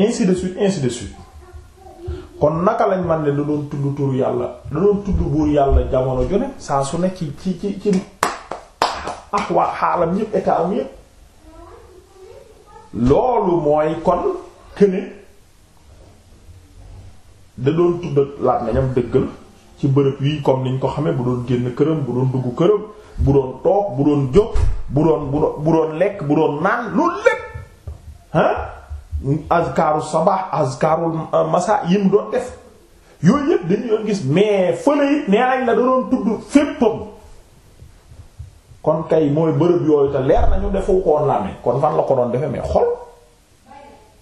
ainsi de suite ainsi de suite kon naka lañ man ne da doon tudd tur yàlla da doon tudd buur yàlla jamono jone saa su nekk ci ci ci ci ah waa xaalam yëpp état am yëpp loolu mooy kon këne da doon tudd laat nañam dëggal ci bërëb yi comme niñ ko xamee bu doon génn këram bu doon dugg këram bu doon toog bu doon jóg bu doon bu doon lekk bu doon naan loolu lépp ah azkaaru sabaax azkaaru euh, masa yi mu doon def yooyu yëpp dañu doon gis mais fële it nee nañ la da doon tudd féppam kon kay mooy bërëb yooyu te leer nañu defu ko woon kon fan la ko doon defe mais xol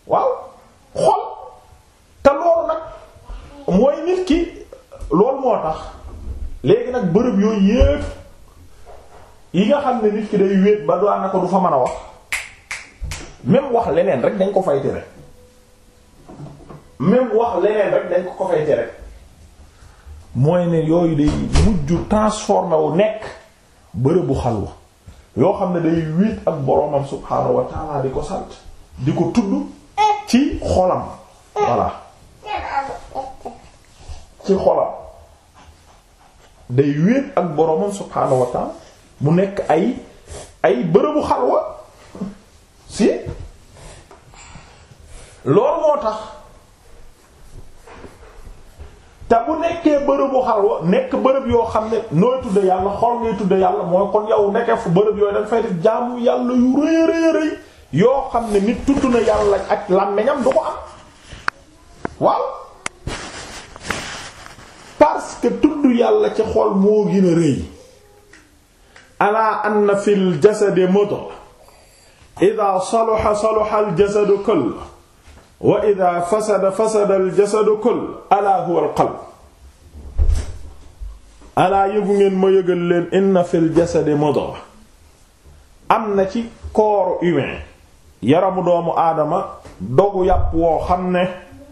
waaw xol te loolu nag mooy nit ki loolu moo tax léegi nag bërëb yooyu yëpp yi nga xam ne nit ki day wéet ba doon na ko du fa mën a wax même wax leneen rek dañ ko fay tere même wax leneen rek dañ ko ko fay tere mooy ne yooyu day mujj transformé wu nekk bërëbu xalwa yoo xam ne day wiit ak boromam subhaanahu wa di ko sant di ko tudd ci xolam voilà ci xolam day wiit ak boromam subhaanahu wa mu nekk ay ay bërëbu xalwa si loolu moo tax te bu nekkee bërëbu xalwa nekk bërëb yoo xam ne nooy tudd yàlla xol ngay tudde yàlla mooy kon yow nekkee fu bërëb yooyu danga fay def yàlla yu rëy rëy yoo xam ne nit tudd na yàlla ak làmmiñam du ko am waaw parce que tudd yàlla ci xol moo gën a rëy ala anna fil jasade mudra ida saluxa saluxa aljasadu kull wa ida fasada fasada aljasadu kull alaa huwa alqalb alaa yëgu ngeen ma yëgal leen inna fil jasadi mudgha am na ci corps humain yaramu doomu aadama dogu yàpp woo xam ne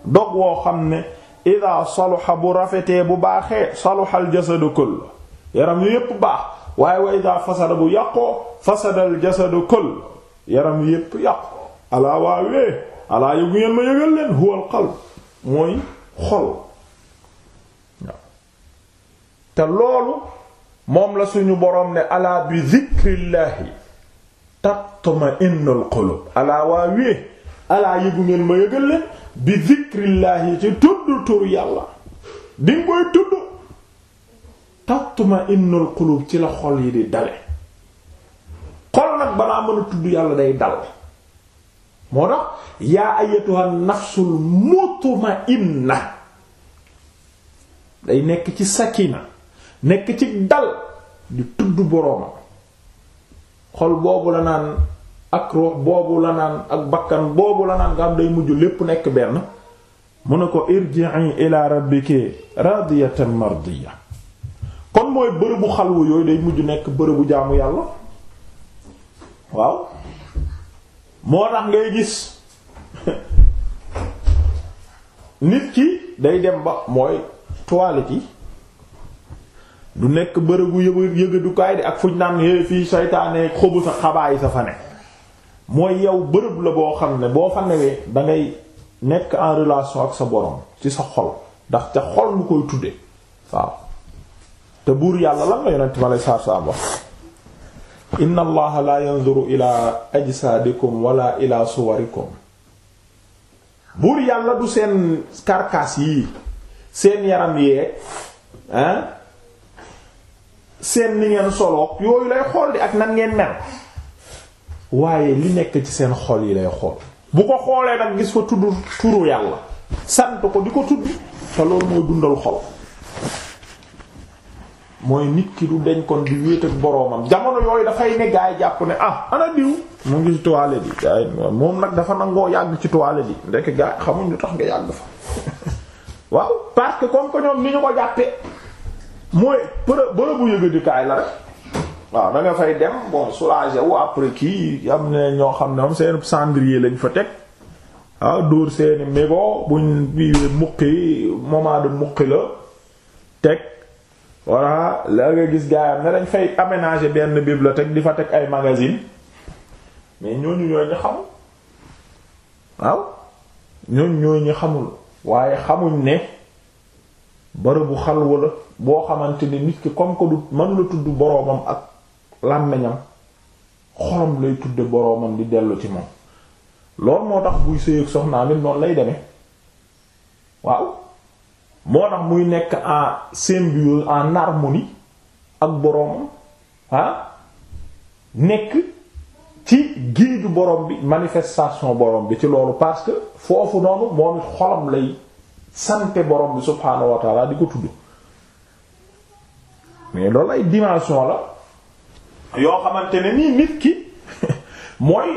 dog woo xam ne ida saluxa bu rafetee bu baaxee saluxa aljasadu kull yaram yu yépp baax waaye wa ida fasada bu yàqoo fasada aljasadu kull yaram yépp yàqu alaa waawee alaa yëgu ngeen ma yëgal leen huwal qalb mooy xol te loolu moom la suñu boroom ne alaa bi zikrillahi tatma'innul qulub alaa waawee alaa yëgu ngeen ma yëgal leen bi zikrillahi ci tudd tur yàlla di nga koy tudd tatma'innul qulub ci la xol yi di dale xol nag balaa mën tudd yàlla day dal moo tax yaa ayyatuha nafsul mutma'inna day nekk ci sakina nekk ci dal di tudd boroomam xol boobu la naan ak ruux boobu la naan ak bakkan boobu la naan nga am day mujj lépp nekk benn mu ne ko irji'i ila rabbiki radiyatan mardiya kon mooy bërëbu xalwu yooyu day mujj nekk bërëbu jaamu yàlla waaw moo tax ngay gis nit ki day dem ba mooy toilette yi du nekk bërëbu yëg yëgadukaay di ak fuñ naan é fii saytaane xobu sa xabaay sa fa ne mooy yow bërëb la boo xam ne boo fa newee dangay nekk en relation ak sa borom ci sa xol ndax ca xol lu koy tudde waaw te buur yàlla lan la yonent ma lay saar sa am inna allaha la yanzuru ila ajsaadikum wala ila suwarikum buur yàlla du seen karkaas yii seen yaram yeeg ah seen ni ngeen soloog yooyu lay xool di ak nan ngeen mel waaye li nekk ci seen xool yi lay xool bu ko xoolee nag gis fa tudd turu yàlla sant ko di ko tudd te loolu mooy dundal xol mooy nit ki du deñ kon di wéet ak boroomam jamono yooyu dafay ne gaay jàpp ne ah ana diw mu ngi ci toilette bi moom nag dafa nangoo yàgg ci toilette bi ndekk gaay xamuñ lu tax nga yàgg fa waaw parce que comme que ñoom ni ñu ko jàppee mooy bërë bërëbu yëgadikaay la rek waaw da fay dem bon soulager wu après kii am na ñoo xam ne moom seen cendrier lañu fa teg ah dóor seeni mégo buñ bi muqi moment de muqi la teg voilà la nga gis gaayam ne dañ fay aménager benn bibliothèque di fa teg ay magazine mais ñooñu ñooy ñu xamul waaw ñooñu ñooy ñu xamul waaye xamuñ ne bërëbu xalwa la boo xamante ni nit ki comme ko du mënula tudd boroomam ak làmmiñam xolam lay tudd boroomam di dellu ci moom loolu moo tax buy sëy ak soxnaam noonu lay demee waaw moo tax muy nekk en symbiose en harmonie ak boroom ah nekk ci giiju boroom bi manifestation boroom bi ci loolu parce que foofu noonu moom it xolam lay sante borom bi subhaanahu wa di ko tudd mais loolu ay dimension la yoo xamante ne nii nit ki mooy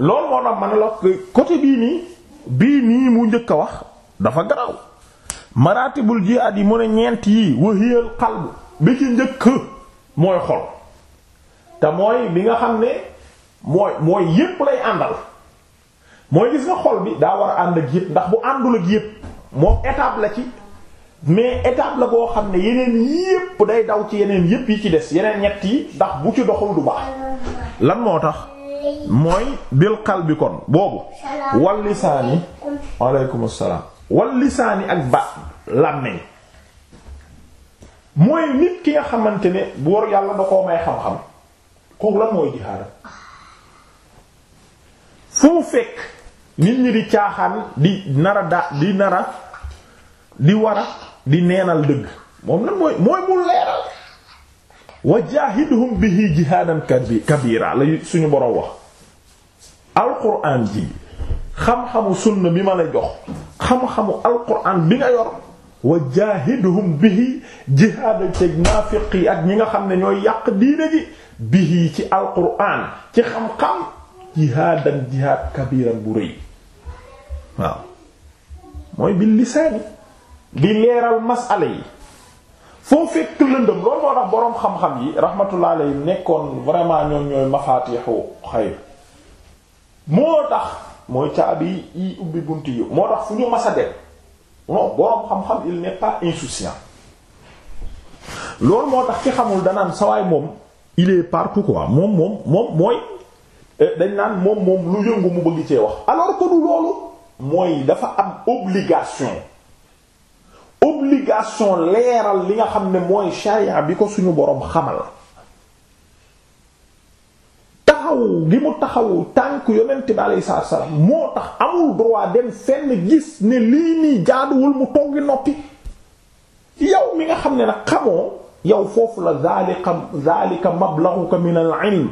loolu moo tax man la côté bii nii bii nii mu njëkk a wax dafa garaw maratibul jihaad yi mu ne ñeent yii wahiyal qalb bi ci njëkk mooy xol te mooy bi nga xam ne mooy mooy yépp lay àndal mooy gis nga xol bi daa war a ànd ak yépp ndax bu àndul ak yépp moom étape la ci mais étape la boo xam ne yeneen yépp day daw ci yeneen yépp yi ci des yeneen ñett yi ndax bu ci doxul du baax lan moo tax mooy bil qalbi kon boobu wal lisaani wal lisaani ak ba làmmeñ mooy nit ki nga xamante ne bu war yàlla da koo may xam-xam kooku lan mooy jihaadam fu fekk nit ñi di caaxaan di nara da di nara di wara di neenal dëgg moom lan mooy mooy mu leeral wa jaahidhum bihi jihaadan kabiira la suñu boroom wax alquran ji xam-xamu sunna bi ma la jox xam-xamu alquran bi nga yor wa jahidhum bihi jihaada teg naafiq yi ak ñi nga xam ne ñooy yàq diine gi bihi ci alquran ci xam-xam jihaadan jihaad kabiran bu rëy waaw mooy bi lisaani di leeral masala yi foo fekk lëndëm loolu moo tax boroom xam-xam yi rahmatullah alayhi nekkoon vraiment ñoom ñooy mafaatixu xayr moo tax mooy caabi yi ubbi bunt yi moo tax fu ñu mas a dem non boroom xam-xam il n'est pas insouciant loolu moo tax ki xamul danaan sawaay moom il est partout quoi moom moom moom mooy eh, dañ naan moom moom lu yëngu mu bëgg cee wax alors que du loolu mooy dafa am obligation obligation leeral li nga xam ne mooy charia bi ko suñu boroom xamal taxaw gi mu taxaw tànk yonent bi alayhi salaatu salaam moo tax amul droit dem fenn gis ne lii nii jaaduwul mu toggi noppi yow mi nga xam ne nag xamoo yow foofu la zalika zalika mablaghuka min al-ilm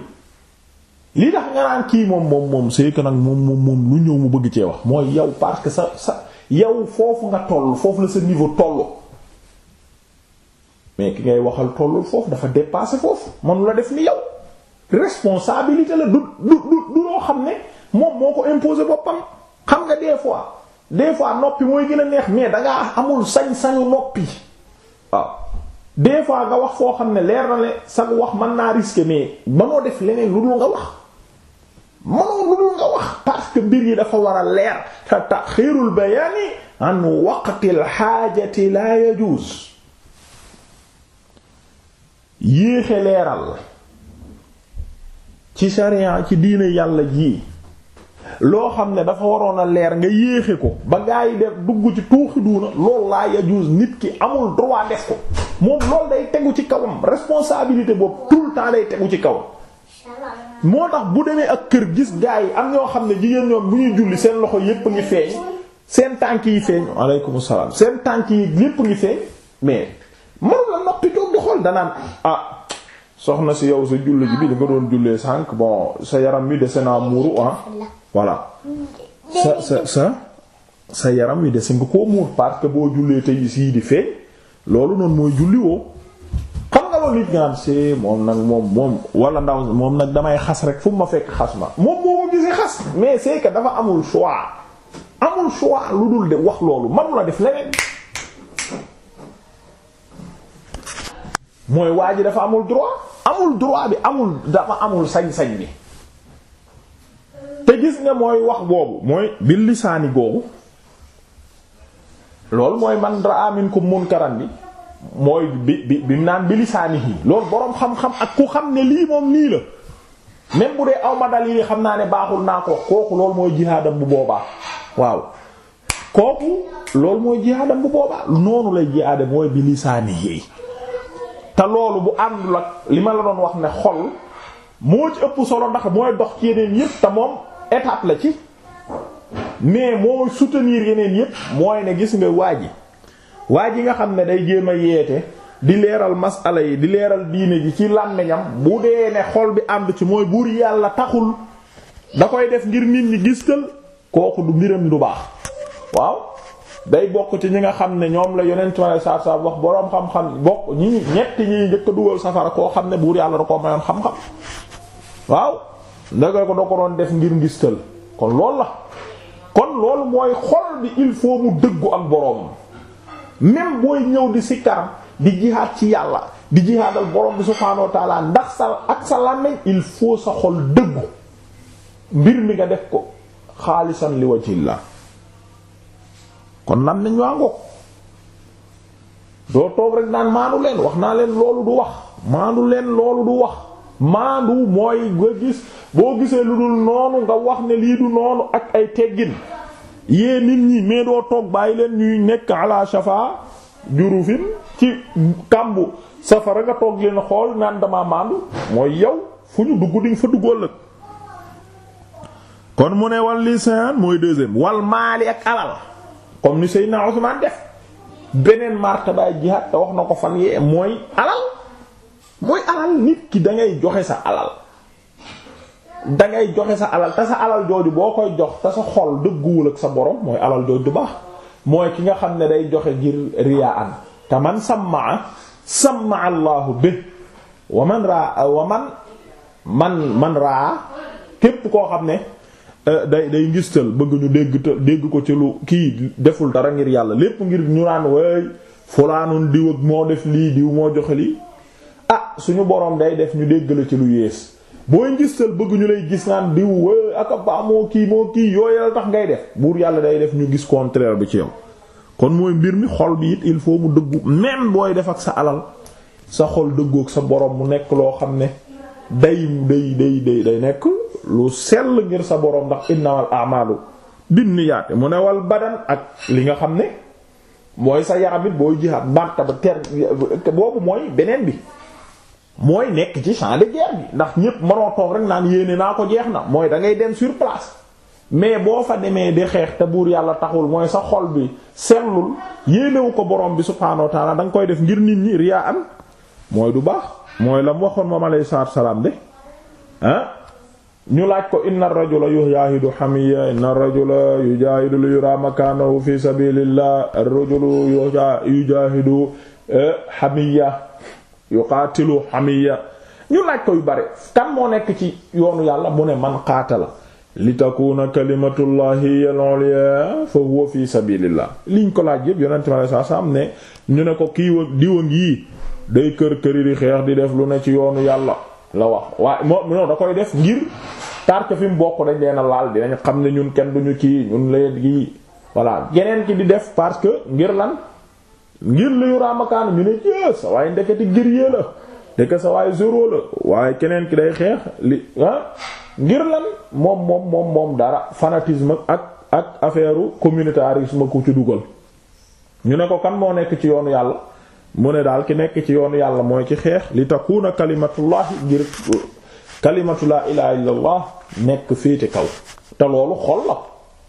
tax nga naan kii moom moom moom c'est que nag moom moom lu ñëw mu bëgg cee wax mooy yow parce que sa sa yow foofu nga toll foofu la sa niveau toll mais ki ngay waxal tollul foofu dafa dépassé foofu mënu la def ni yow responsabilité la du du du loo xam ne moom moo ko imposer boppam xam nga des fois des fois noppi mooy gën a neex mais dangaa amul sañ-sañu noppi waaw fois nga wax foo xam ne leer na ne sa wax man naa risquer mais mënoo def leneen lu dul nga wax mënoo lu dul nga wax parce que mbir yi dafa war a leer te taxiirul bayaani an waqtil xaajati laa yajuuz yéexe leeral ci sharia ci diine yàlla jii loo xam ne dafa waroon a leer nga yéexe ko ba gaa yi def dugg ci tuuxi duuna loolu laa yajuus nit ki amul droit def ko moom loolu day tegu ci kawam responsabilité boobu tout le temps day tegu ci kawam moo tax bu demee ak kër gis gaa yi am ñoo xam ne jigéen ñoom bu ñu julli seen loxo yépp ngi feeñ seen tànk yi feeñ aleykum salaam seen tànk yi yépp ngi feeñ mais mënu la noppi toog di xool danaan ah soxna si yow sa julli ji bi da doon jullee sànq bon sa yaram wi dese naa muuru ah voilà sa sa sa sa yaram wi dese nga koo muur parce que boo jullee tey sii di feeñ loolu noonu mooy julli xam nga loolu nit nga am see moom nag moom moom wala ndaw moom nag damay xas rek fu ma fekk xas ma moom moo ko gisee xas mais c'est que dafa amul choix amul choix lu dul de wax loolu manu la def leneen mooy waa ji dafa amul droit amul droit bi amul dafa amul sañ-sañ bi te gis nga mooy wax boobu mooy bi lisaani googu loolu mooy man raa minkum munkaran bi mooy bi bi bi naan bi lisaani yi loolu boroom xam-xam ak ku xam ne lii moom nii la même bu dee aw ma dal yi xam naa ne baaxul naa ko kooku loolu mooy jihaadam bu boobaa waaw kooku loolu mooy jihaadam bu boobaa noonu lay jihaade mooy bi lisaani yi te loolu bu àndul ak li ma la doon wax ne xol moo ci ëpp solo ndax mooy dox ci yeneen yépp te moom étape la ci mais moo soutenir yeneen yépp mooy ne gis nga waa ji waa ji nga xam ne day jéem a yeete di leeral masala yi di leeral diine ji ci làmmiñam bu dee ne xol bi ànd ci mooy buur yàlla taxul da koy def ngir nit ñi gis tël kooku du mbiram du baax waaw day bokk ci ñi nga xam ne ñoom la yonent ma saa saa wax boroom xam-xam bokk ñi ñett ñi njëkk a dugal safara koo xam ne buur yàlla da koo mayoon xam-xam waaw ndaka ko da ko doon def ngir ngistal kon lool la kon loolu mooy xol bi il faut mu dëggu ak boroomam même booy ñëw di sikkar di jihaat ci yàlla di jihaadal borom bi subhaanahu wa ndax sa ak sa làmmiñ il faut sa xol dëggu mbir mi nga def ko xaalisan li wajhillah kon nam nañ waa ngoog doo toog rek naan maandu leen wax naa leen loolu du wax maandu leen loolu du wax maandu mooy nga gis boo gisee lu dul noonu nga wax ne lii du noonu ak ay teggin yée nit ñi mais doo toog bàyyi leen ñuy nekk ala shafa jurufin ci kàmbu safara nga toog leen xool naan dama maandu mooy yow fu ñu dugg diñ fa duggool kon mu ne wal lisaan mooy deuxième wal maali ak alal comme ni naa Usmaan def beneen martabaay jihaad te wax na ko fan yee mooy alal mooy alal nit ki dangay joxe sa alal dangay ngay joxe sa alal te sa alal jooju boo koy jox te sa xol dëgguwul ak sa boroom mooy alal jooju du baax mooy ki nga xam ne day joxe ngir riyaa te man sammaa sammaa Allahu bi wa man raa wa man man raa képp koo xam ne. Euh, day day ngistal bëgg ñu dégg dégg ko ci lu kii deful dara ngir yàlla lépp ngir ñu naan way fulaanun diw ak moo def lii diw moo joxe lii ah suñu borom day def ñu dégg la ci lu yées booy ngistal bëgg ñu lay gis naan diw way aka ba moo kii moo kii yooyu la tax ngay def buur yàlla day def ñu gis contraire bi ci yow kon mooy mbir mi xol bi it il faut mu dëggu même booy def ak sa alal sa xol dëggoog sa borom mu nekk loo xam ne day day day day day nekk lu sell ngir sa borom ndax innamal a'malu binniyaat mu ne wal badan ak li nga xam ne mooy sa yaram it booy jihaat marta ba ter boobu mooy beneen bi mooy nekk ci champ de ndax ñépp mënoo toog rek naan yéene naa ko jeex na mooy da ngay dem sur place mais boo fa demee di xeex te buur yàlla taxul mooy sa xol bi sellul yéenewu ko borom bi subhaanahu wa ta'ala da koy def ngir nit ñi riyaa am mooy du baax mooy la mu waxoon moom alayhi salaatu salaam de ah ñu laaj ko inna ar-rajula yujaahidu hamiyya inna rajula yujaahidu li yura makanahu fi sabilillah ar-rajulu yujaahidu eh, hamiyya yuqaatilu hamiyya ñu laaj ko yu bare kan moo nekk ci yoonu yàlla mu ne man qaatala li takuna kalimatullahi al-ulya fa huwa fi sabilillah liñ ko laaj yépp yonent mi alayhi salaam ne ñu ne ko kii diwa ngi day kër këri di xeex di def lu ne ci yoonu yàlla la wax waaye moom non da koy def ngir tark fi mu bokk dañ leen a laal dinañ xam ne ñun kenn duñu kii ñun leen gi voilà geneen ki di def parce que ngir lan ngir liyu raamakaan ñu ne jë sa waaye ndeketi gëriyee la ndeke sa waaye zéro la waaye keneen ki day xeex li ah ngir lan moom moom moom moom dara fanatisme ak ak affaire communautarisme ku ci dugal ñu ne ko kan moo nekk ci yoonu yàlla mu ne daal ki nekk ci yoonu yàlla mooy ci xeex li takuna kalimatullahi ngir kalimatu laa ilaha illa allah nekk féete kaw te loolu xol la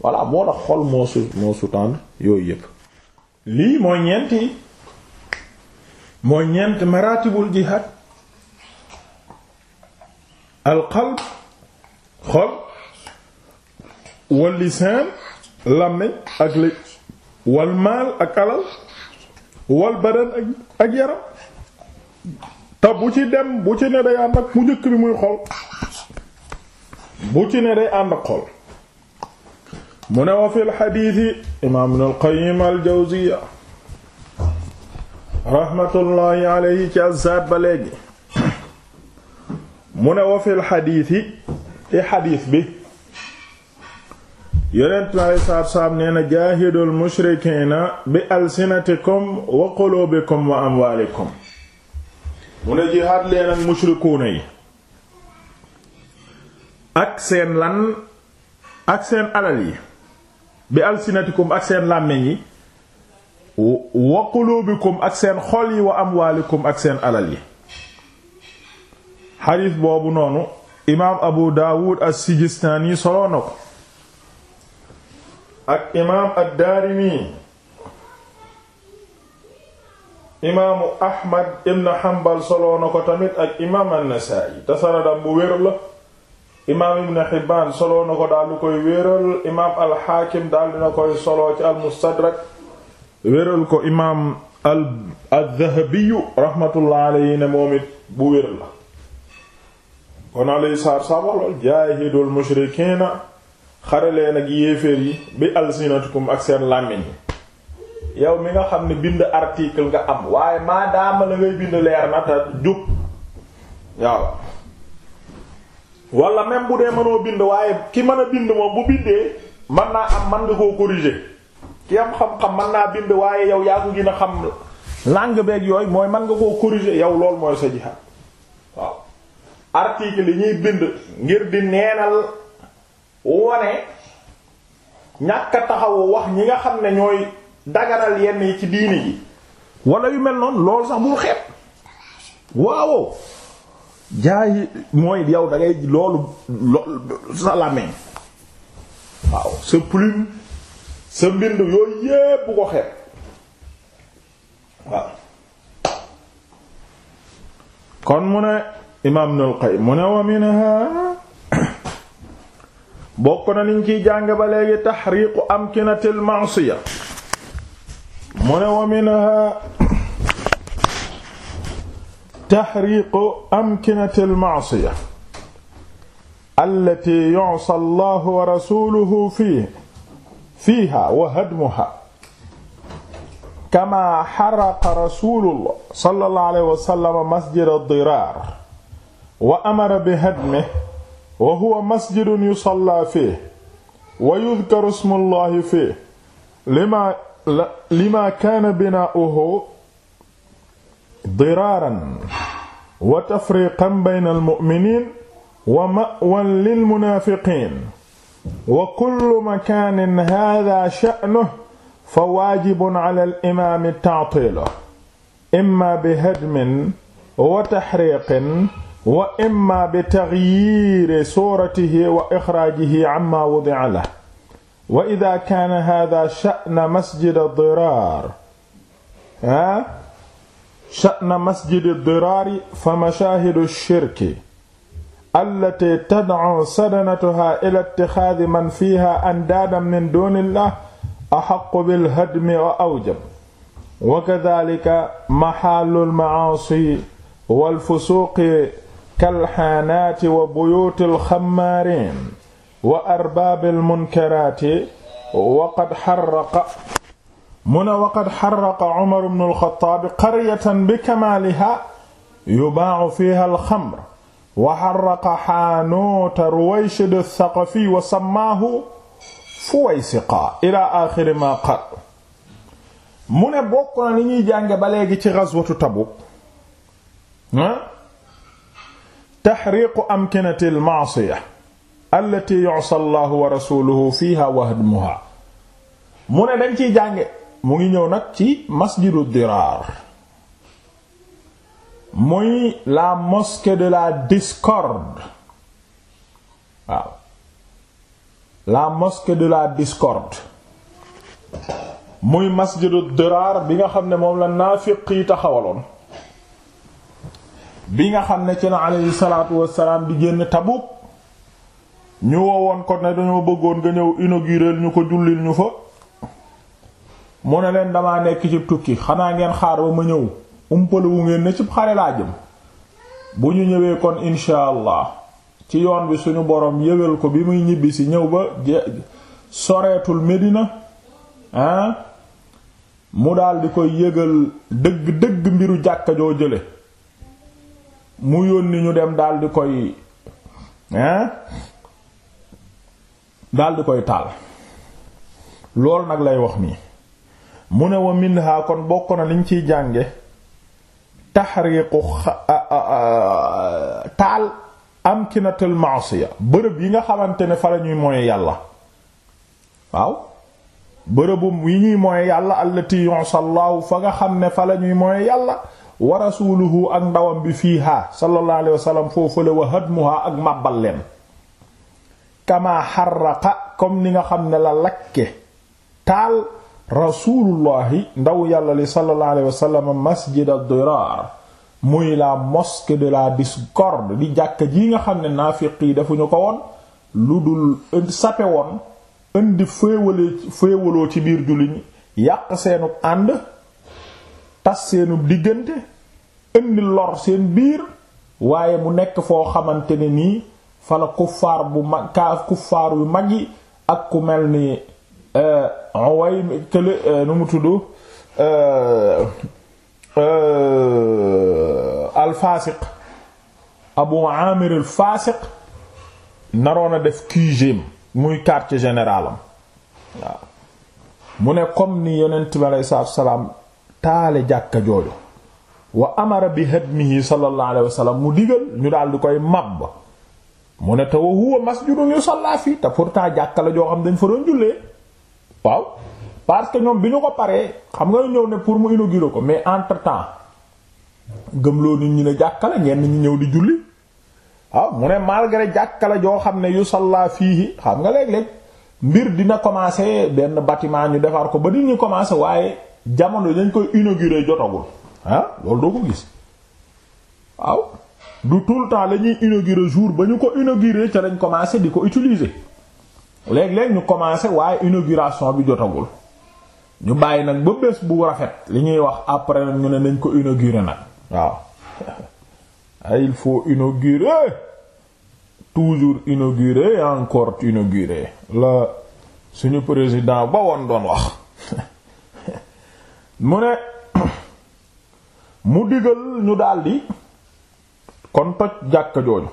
voilà moo tax xol moo su moo sutendre yooyu yépp lii mooy ñeenti mooy ñeent maratibul jihad al xol wal lisaan làmmiñ ak li wal maal ak alal wal badan ak yaram te bu ci dem bu ci ne day ànd ak mu njëkk bi muy xol bu ci ne day ànd ak xol mu ne wa fi lxadiiti imaam ibn al-Qayyim al rahmatullahi alayhi ci azzaad ba mu ne wa fi lxadiiti i xadiis bi yonent mi alei salaatu salaam jaahidul mushrikiina bi alsinatikum wa qulubikum wa amwaalikum mu ne jihaad leen ak mushrikuuna yi ak seen lan ak seen alal yi bi alsinatikum ak seen làmmiñ yi wa qulubikum ak seen xol yi wa amwaalikum ak seen alal yi xadiis boobu noonu imaam abu daawud as-sijistaani soloo na ko ak imaam ad-Daarimi imaamu Ahmad ibn Hanbal soloo ko tamit ak imaam an-Nasaa'i te bu wér imaam al-Haakim daal koy soloo al-Mustadrak wéral ko imaam al-Dhahabiyu rahmatullah alayhi ne moom bu wér kon alayhi salaatu jaahidul mushrikiina xare leen ak yéeféer yi bi alsinatukum ak seen làmmiñ yi yow mi nga xam ne bind article nga am waaye maadaama la ngay bind leer na te jub waaw wala même bu dee mënoo bind waaye ki mën a bind moom bu bindee man naa am mën nga koo corriger ki am xam-xam mën naa bind waaye yow yaa ko gën a xam langue beeg yooyu mooy mën nga koo corriger yow lool mooy sa jihaad waaw article yi ñuy bind ngir di neenal wone ñàkk a taxawu wax ñi nga xam ne ñooy daganal yenn yi ci diini ji wala yu mel noonu loolu sax bul xeeb waaw jaay mooy yow da ngay loolu sa làmmiñ waaw sa plume sa mbind yooyu yépp ko xeeb waaw kon mu ne imaam Ibnul Qayyim mu ne wa minha bokk na niñ ciy jàng ba léegi taxriiqu amkinatil ma'siya mu ne wa minha taxriiqu amkinatil ma'siya allati yu'sa Allahu wa rasuluhu fiihi fiiha wa hadmuha kama xaraqa rasulullah sallallahu alayhi wa sallam masjid ad-diraar wa amara bi hadmihi wa huwa masjidun yusalla fii wa yudkaru ismullahi fii lima lima kaana binaa'uhu diraaran wa tafriiqan bayna almu'miniin wa ma'wan lilmunaafiqiin wa kullu makaanin haadaa sha'nuhu fa waajibun ala al-imaami ta'tiiluhu immaa bihadmin wa tahriiqin wa imma bi taxyiiri suuratihi wa ixraajihi amma wudi'a lahu wa idaa kaana haadaa sha'na masjidi diraar ah sha'na masjidi diraari fa mashaahidu shirki allatii tad'uu sadanatuhaa ilaa ittixaadi man fiihaa andaadan min duunillahi ahaqqu bilhadmi wa awjab wa kadhaalika mahallul ma'aasi wal fusuuqi kalxaanaati wa buyuutil xammaariin wa arbaabil munkaraati waqad xarraqa mu ne waqad xarraqa Umar ibn al-Xattaab qaryatan bi kamaalihaa yubaacu fiiha al-xamr wa xarraqa xaanuuta Ruwayshid as-Saqafi wa sammaahu Fuwaysiqa ilaa aaxiri maa qaal mu ne bokk na li ñuy jànge ba léegi ci gazwatu Tabuk ah taxriiqu amkinati almaasiya allati yusa allahu wa rasuluhu fiha wahdmuha mu ne dañ ci jànge mu ngi ñëw nag ci masjidu diraar muy la mosquée de la discorde waaw la muy masjidu diraar bi nga xam ne moom la naafiq yi taxawaloon bi nga xam ne ci la aleyhi salaatu wassalaam di génn Tabuk ñu woowoon ko ne dañoo bëggoon nga ñëw inaugurer ñu ko jullil ñu fa mu ne leen dama nekk ci tukki xanaa ngeen xaar ba ma ñëw umpalewu ngeen ne ci xare laa jëm bu ñu ñëwee kon insha ci yoon wi suñu boroom yëwel ko bi muy ñibbisi ñëw ba soreetul Medina ah. mu daldi ko koy yëgal dëgg dëgg mbiru jàkka joo jële mu yónni ñu dem daal di koy hein di koy taal loolu nag lay wax nii mu ne wa minha kon bokk na liñ ciy jànge taxriiqu taal amkinatul ma'siya bërëb yi nga xamante ne fa la ñuy mooy yàlla waaw bërëbu yi ñuy mooy yàlla allati yusallahu fa nga xam ne fa la ñuy mooy yàlla wa rasuluhu ak ndawam bi fiiha sallallahu alayhi wa sallam foofale ak màbbal leen kama xarraqa comme ni nga xam ne la lakke taal rasulullahi ndaw yàlla li sallallahu alayhi wa sallam muy la mosquée de la discorde di jàkk ji nga xam ne naafiq yi defuñu ko woon lu dul sape woon indi féewale féewaloo ci biir jullit yàq seenu ànd tas seenu diggante indi lor seen biir waaye mu nekk foo xamante ne nii fala kuffaar bu mag ka kuffaar yu mag yi ak ku mel ni euh, way kële euh, mu tudd euh, alfaasiq abu amir al faasiq naroon a def QG muy quartier général waaw mu ne comme ni yonent bi aleyhi salaatu wa salaam taale jàkka jooju wa amara bi hadmihi sallallahu alayhi wa sallam mu digal ñu daal di koy màbb mu ne te wa huwa masjidun yusalla fii te pourtant jàkka la joo xam dañ fa doon jullee waaw parce que ñoom bi ñu ko paree xam nga ñëw ne pour mu inaugurer ko mais entre temps gëm loo nit ñi ne jàkka ngeen ñenn ñi ñëw di julli waaw mu ne malgré jàkka joo xam ne yusalla fii xam nga léeg-léeg mbir dina commencer benn bâtiment ñu defar ko ba nit ñu commencer waaye. jamono dañ koy inaugurer jotagul ah loolu doo ko gis waaw du tout le temps la ñuy inaugurer jour ba ñu ko inaugurer ca lañ commencé di ko utiliser léeg-léeg ñu commencé waaye inoguration bi jotagul ñu bàyyi nag ba bés bu rafet li ñuy wax après nag ñu ne nañ ko inaugurer nag waaw ay ah, il faut inaugurer toujours inaugurer encore inaugurer la suñu président ba woon doon wax mu ne mu digal ñu daldi kon toj jàkka jooju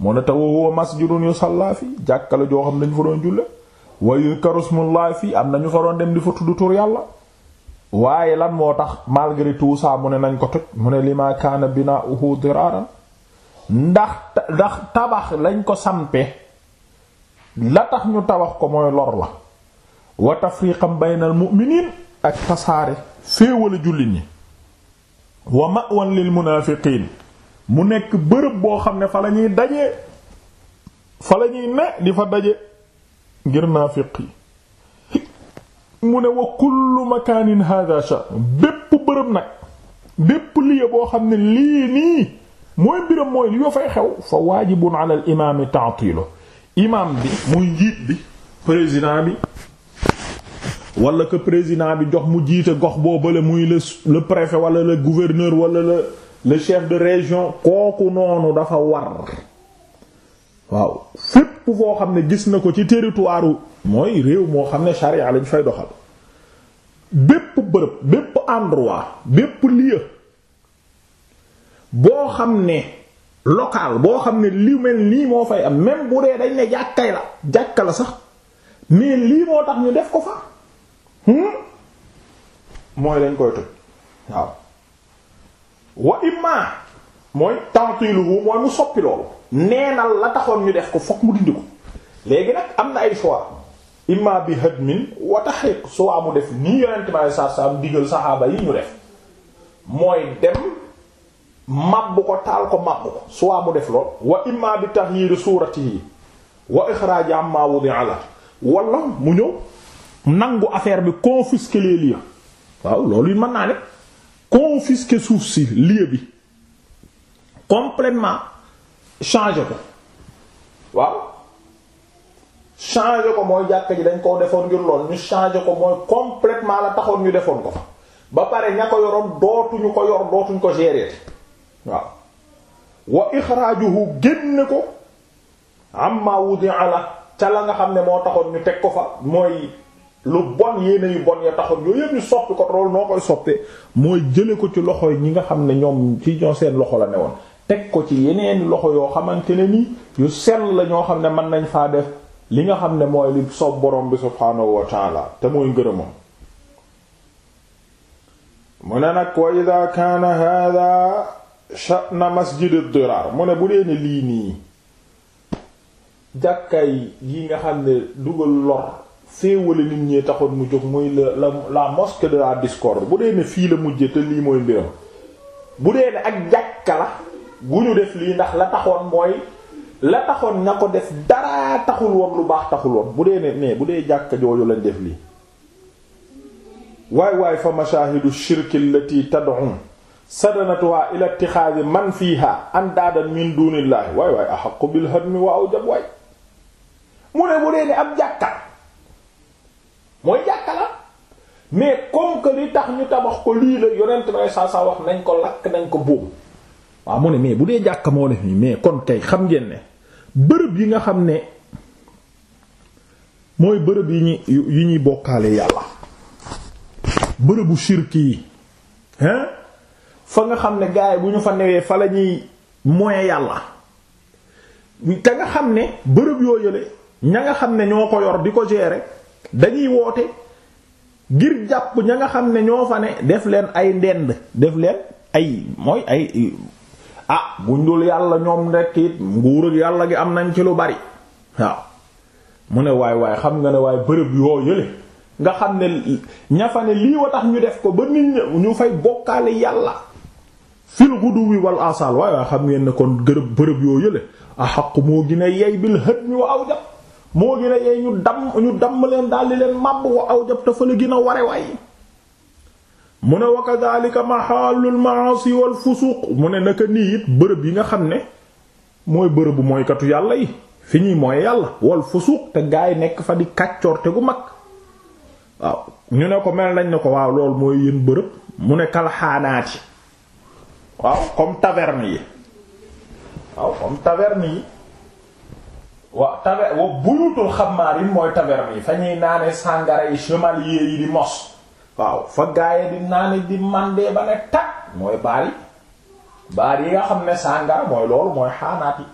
moo ne te wowoo masjidun yusalla fi jàkka la joo xam ne dañu fa doon julle wayu karusmullahi fii am na ñu fa doon dem di fa tudd tur yàlla waaye lan moo tax malgré tout ça mu ne nañ ko toj mu ne lima kaana bina uhu diraran ndax ndax tabax lañ ko sampe la tax ñu tabax ko mooy lor la wa tafriqan baynal mu'minin ak tasaare féewale jullit ñi wa ma'wan lil munaafiqiin mu nekk bërëb boo xam ne fa la ñuy daje fa la ñuy ne di fa daje ngir naafiq yi mu ne wa kullu makaanin hada sha bépp bërëb nag bépp lieu boo xam ne lii nii mooy mbiram mooy li yoo fay xew fa waajibun al imaami ta'tilu imaam bi muy njiit bi président bi wala que président bi jox mu jiite gox boobale muy le le préfet wala le gouverneur wala le le de région kooku noonu dafa war waaw fépp foo xam ne gis na ko ci territoire mooy réew moo xam ne charia lañ fay doxal bépp bërëb bépp endroit bépp lieu boo xam ne local boo xam ne li mel nii moo fay am même bu dee dañ ne jàkkay la jàkka la sax mais lii moo tax ñu def ko fa Hmm? mooy dañ koy toj waaw wa imma mooy tantiluhu mooy mu soppi loolu neenal la taxoon ñu def ko fokk mu dindi ko léegi nag am na ay choix imma bi hadmin wa tahriq soo mu def nii yonent bi alei satu salaam digal saxaaba yi ñu def mooy dem mabbu ko taal ko mabbu ko soo mu def lool wa imma bi taxyiir suuratihi wa ixraaj amma wudi'a la wala mu ñëw nangu affaire bi confisquer les lieux waaw loolu it mën naa ne confisquer suuf si lieu bi complètement changer ko waaw changer ko mooy jàkka ji dañ koo defoon ngir lool ñu changer ko mooy complètement la taxoon ñu defoon ko fa ba pare ña ko yoroon dootuñu ko yor dootuñu ko gérer waaw wa ixraajuhu génne ko amma wudi'a la ca la nga xam ne moo taxoon ñu teg ko fa mooy lu bon yéene yu bon ya taxoon yooyu yëpp ñu soppi ko loolu noo koy soppee mooy jële ko ci loxo yi ñi nga xam ne ñoom ci ñoo seen loxo la ne woon teg ko ci yeneen loxo yoo xamante ne ni yu sell la ñoo xam ne mën nañ faa def li nga xam ne mooy li sob borom bi subhaanahu wa taala te mooy ngërëmam mu ne nag wa ida kaana hada sha'na masjid ad mu ne bu dee ne lii nii jàkkaay yi nga xam ne dugal lor séewale nit ñee taxoon mu jóg muy la la mosquée de la discorde bu dee ne fii la mujjee te lii mooy mbiram bu dee ne ak jàkka la gu ñu def lii ndax la taxoon mooy la taxoon na ko def dara taxul woon lu baax taxul woon bu dee ne mais bu dee jàkka jooju lañ def lii waay waay fa mashahidu shirki allati tad'u sadanatuha ila ittixaadi man fiha min dunillahi waay waay ahaqqu bil hadmi wa awjab waay mu ne bu dee ne ab jàkka mooy jàkka la mais comme que li tax ñu tabax ko lii la yonent may saa saa wax nañ ko lakk nañ ko buum waaw mu ne mais bu dee jàkka moo def nii mais kon kay xam ngeen ne bërëb yi nga xam ne mooy bërëb yi ñuy yi ñuy bokkaale yàlla bërëbu shirk yi hein fa nga xam ne gaay bu ñu fa newee fa la ñuy moye yàlla te nga xam ne bërëb yoo yële ña nga xam ne ñoo ko yor di ko gérer dañuy woote ngir jàpp ña nga xam ne ñoo fa ne def leen ay ndend def leen ay mooy ay ah buñ dul yàlla ñoom rekk nguur ak yàlla gi am nañ ci lu bari waaw mu ne waay waay xam nga ne waay bërëb yoo yële nga xam ne ña fa ne lii wa tax ñu def ko ba nit ñu fay bokkaale yàlla fil guduwi wal asal waay waay xam ngeen ne kon gërëb bërëb yoo yële a xaqu moo gën a yey bil hët mi aw jàpp moo gën a yey ñu damm ñu damm leen daldi leen màbb wa aw jab te fële gën a ware waay mu ne wa kadhalika mahallul ma'asi wal fusuq mu ne naka nii it bërëb yi nga xam ne mooy bërëbu mooykatu yàlla fi ñuy mooy yàlla wal fusuq te gaay nekk fa di te gu mag waaw ne ko mel nañ ne ko waaw loolu mooy yéen bërëb mu ne kalxaanaati waaw comme taverne yi waaw comme taverne yi waaw taver wa buyutul xamaarin mooy taverne yi fa ñuy naane sàngara yi chevalier yi di mos waaw fa gaaye di naane di mandee ba ne tag mooy baar yi baar yi nga xam ne sàngara mooy loolu mooy xaanaat yi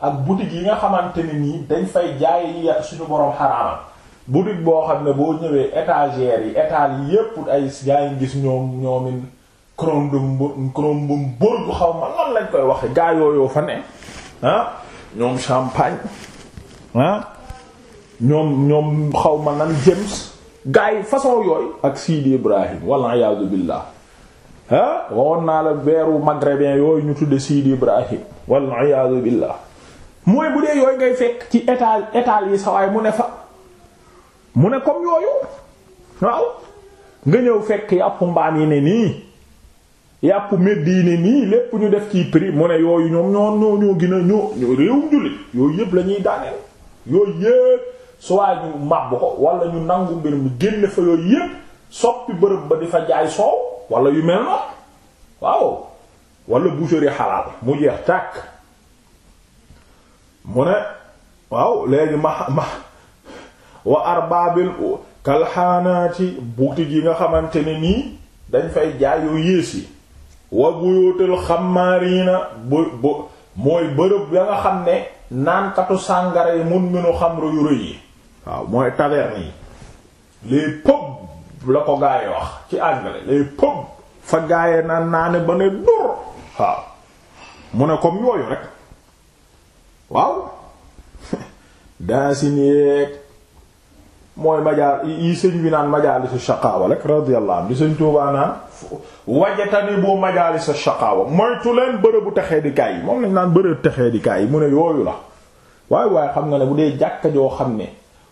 ak boutique yi nga xamante ne nii dañ fay jaay yi suñu boroom xaraamal boutique boo xam ne boo ñëwee étagères yi étal yi yépp ay gaa yi gis ñoom ñoomin crondum crondum xaw ma lan lañ koy wax gaa yooyu fa ne ah ñoom champagne ah ñoom ñoom xaw ma nan James gars yi façon yooyu ak Sidi Ibrahim walla iyaadu billah ah waxoon naa la weeru maghrébin yooyu ñu tudde Sidi Ibrahim walla iyaadu billah mooy bu dee yooyu ngay fekk ci étal étal yi sawaay mu ne fa mu ne comme yooyu waaw nga ñëw fekk yàpp mbaan yi ne nii yàpp medd yi ne nii lépp ñu def ci pris mu ne yooyu ñoom ñoo ñoo ñoo ñoo réewum jullit yooyu yëpp la daaneel yooyu yëpp soit ñu màbb ko wala ñu nangu mbir mi génne fa yooyu yëpp soppi bërëb ba di fa jaay soow wala yu mel noonu waaw wala boucherie xalaal mu jeex tàkk mu ne waaw léegi ma ma wa arbaabil kalxaanaati boutique yi nga xamante ne nii dañ fay jaay yu yées yi wa buyootal xamaariina bu bu mooy bërëb ya nga xam ne naankatu sàngara yi mun minu xamru yu rëy yi waaw mooy taverne yi les pubs la ko gaayee wax ci anglais les pubs fa gaayee naan naane ba ne dur waaw mu ne comme yooyu rek waaw daa si ni mooy majaal yi sëñ bi naan majaalisu shaqaawa rek radiyallahu anhu di sëñ Tuubaa naan wajatani bu majaalisu shaqaawa moytu leen bërëbu texee di kaay yi moom lañ naan bërëbu texee di kaay yi mu ne yooyu la waaye waaye xam nga ne bu dee jàkka joo xam ne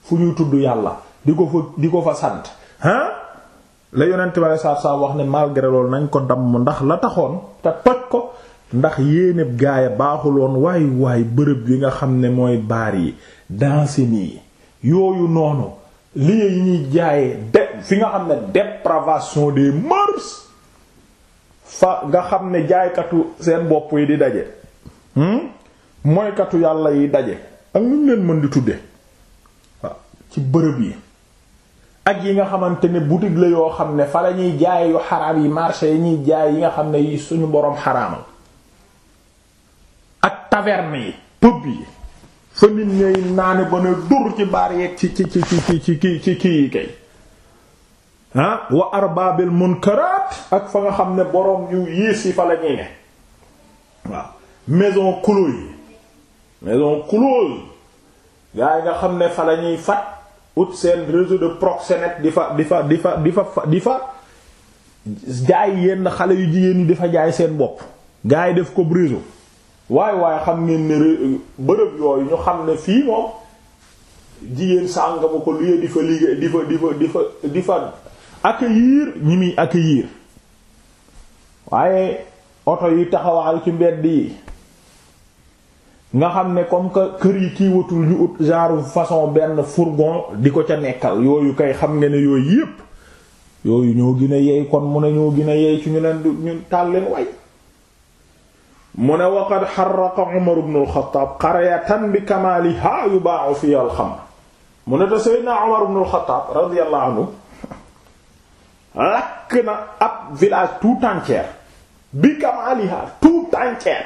fu ñuy tudd yàlla di ko fa di ko fa sant ah la yonent bale saar saa wax ne malgré loolu nañ ko damm ndax la taxoon te toj ko ndax yéenéb gaaya baaxuloon waay waay bërëb yi nga xam ne mooy baar yi dansin noonu lieu yi ñuy jaayee de fi nga xam ne dépravation des mœurs fa nga xam ne jaaykatu seen bopp yi di daje hmm? moykatu yàlla yi daje ak ñu leen mën di tudde waaw ci bërëb yi ak yi nga xamante ne boutique la yoo xam ne fa la ñuy jaay yu xaraam yi marché yi ñuy jaay yi nga xam ne yi suñu boroom xaraamal ak taverne yi pub yi fa nit ñay ba ne dur ci baar yeeg ci ci ci ci ci kii ci kii yi kay ah wa arbaabil munkaraat ak fa nga xam ne boroom yu yiis yi fa la ñuy ne waaw maison close maison close gaa yi nga xam ne fa la ñuy fat ut seen réseau de proxénètes di fa di fa di fa di fa di fa jaay yenn xale yu jigéen ñi di fa jaay seen bopp gaa yi def ko réseau waay waay xam ngeen ne bërëb yooyu ñu xam ne fii moom jigéen sàngama ko luyee di fa liggéey di fa di fa di fa di fa accueillir ñi muy accueillir waaye oto yi taxawaal ci mbedd yi nga xam ne comme que kër yi kii watul ñu ut genre façon benn fourgon di ko ca nekkal yooyu kay xam nga ne yooyu yépp yooyu ñoo gën a kon mu ne ñoo gën a si ñu leen ñu taal leen way mu ne waqad xaraqa Umar ibn al-Xattaab qaryatan bi kamaalihaa yubaa'u fiihaa al-xamr mu ne te Seydina Umar ibn al-Xattaab radiyallahu na ab village tout bi kamaalihaa tout entier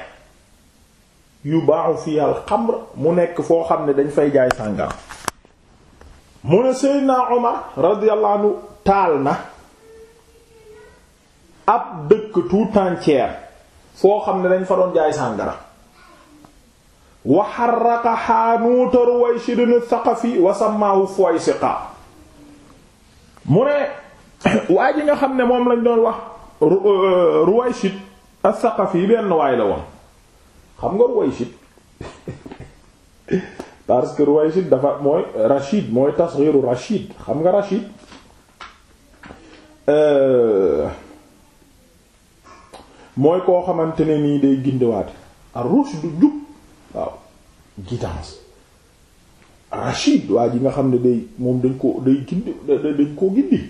yubaa'u fiihaa al mu nekk foo xam ne dañ fay jaay sàngara mu ne Seydina Umar radiyallahu taal na ab dëkk tout entier foo xam ne dañ fa doon jaay sàngara wa xarraqa xaanuuta Ruwayshid Saqafi wa sammaahu Fuwaysiqa mu ne waa ji nga xam ne moom lañ doon wax euh, euh, Ruwayshid Saqafi benn waay la woon xam nga Ruwayshid parce que Ruwayshid dafa mooy Rachid mooy tasghiru Rachid xam nga Rachid euh, mooy koo xamante ne nii day gindiwaate ar rushd du jub waaw guidance rachid waa ji nga xam ne day moom dañ ko day gindi dañ koo gindi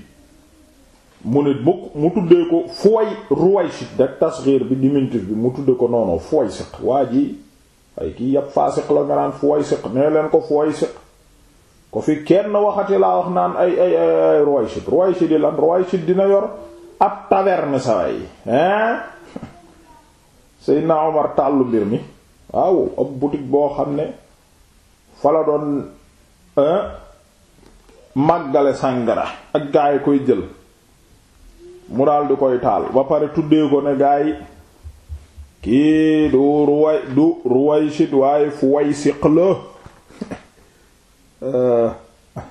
mu ne bokk mu tuddee ko fooy ruwayshit dak tasghir bi diminutif bi mu tuddee ko noono fooy siq waa ji ay kii yàpp faasiq la nga naan fooy siq nee leen ko fooy siq ko fi kenn waxati laa wax naan ay ay ay ruwayshit ruwayshit yi lan ruwayshit dina yor ab taverne yi hein Seydina Omar tàllu mbir mi waaw ab boutique boo xam ne fa la doon màggale sàngara ak gaa koy jël mu daal di koy taal ba pare tuddee ko ne gaa kii du ruway du ruway sit waaye fu way siq la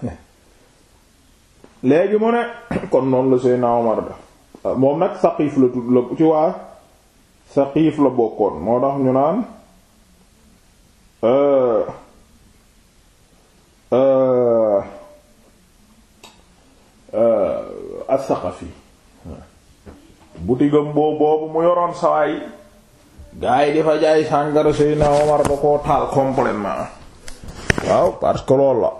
léegi mu ne kon noonu la Seydina Omar da moom nag Saqif la tudd la ci waa Saqiif la bokkoon moo tax ñu naan euh, euh, euh, as-Saqafi butigam boo boobu mu yoroon sawaay gaa yi di fa jaay sàngara Seydina Omar da koo taal complètement waaw parce que la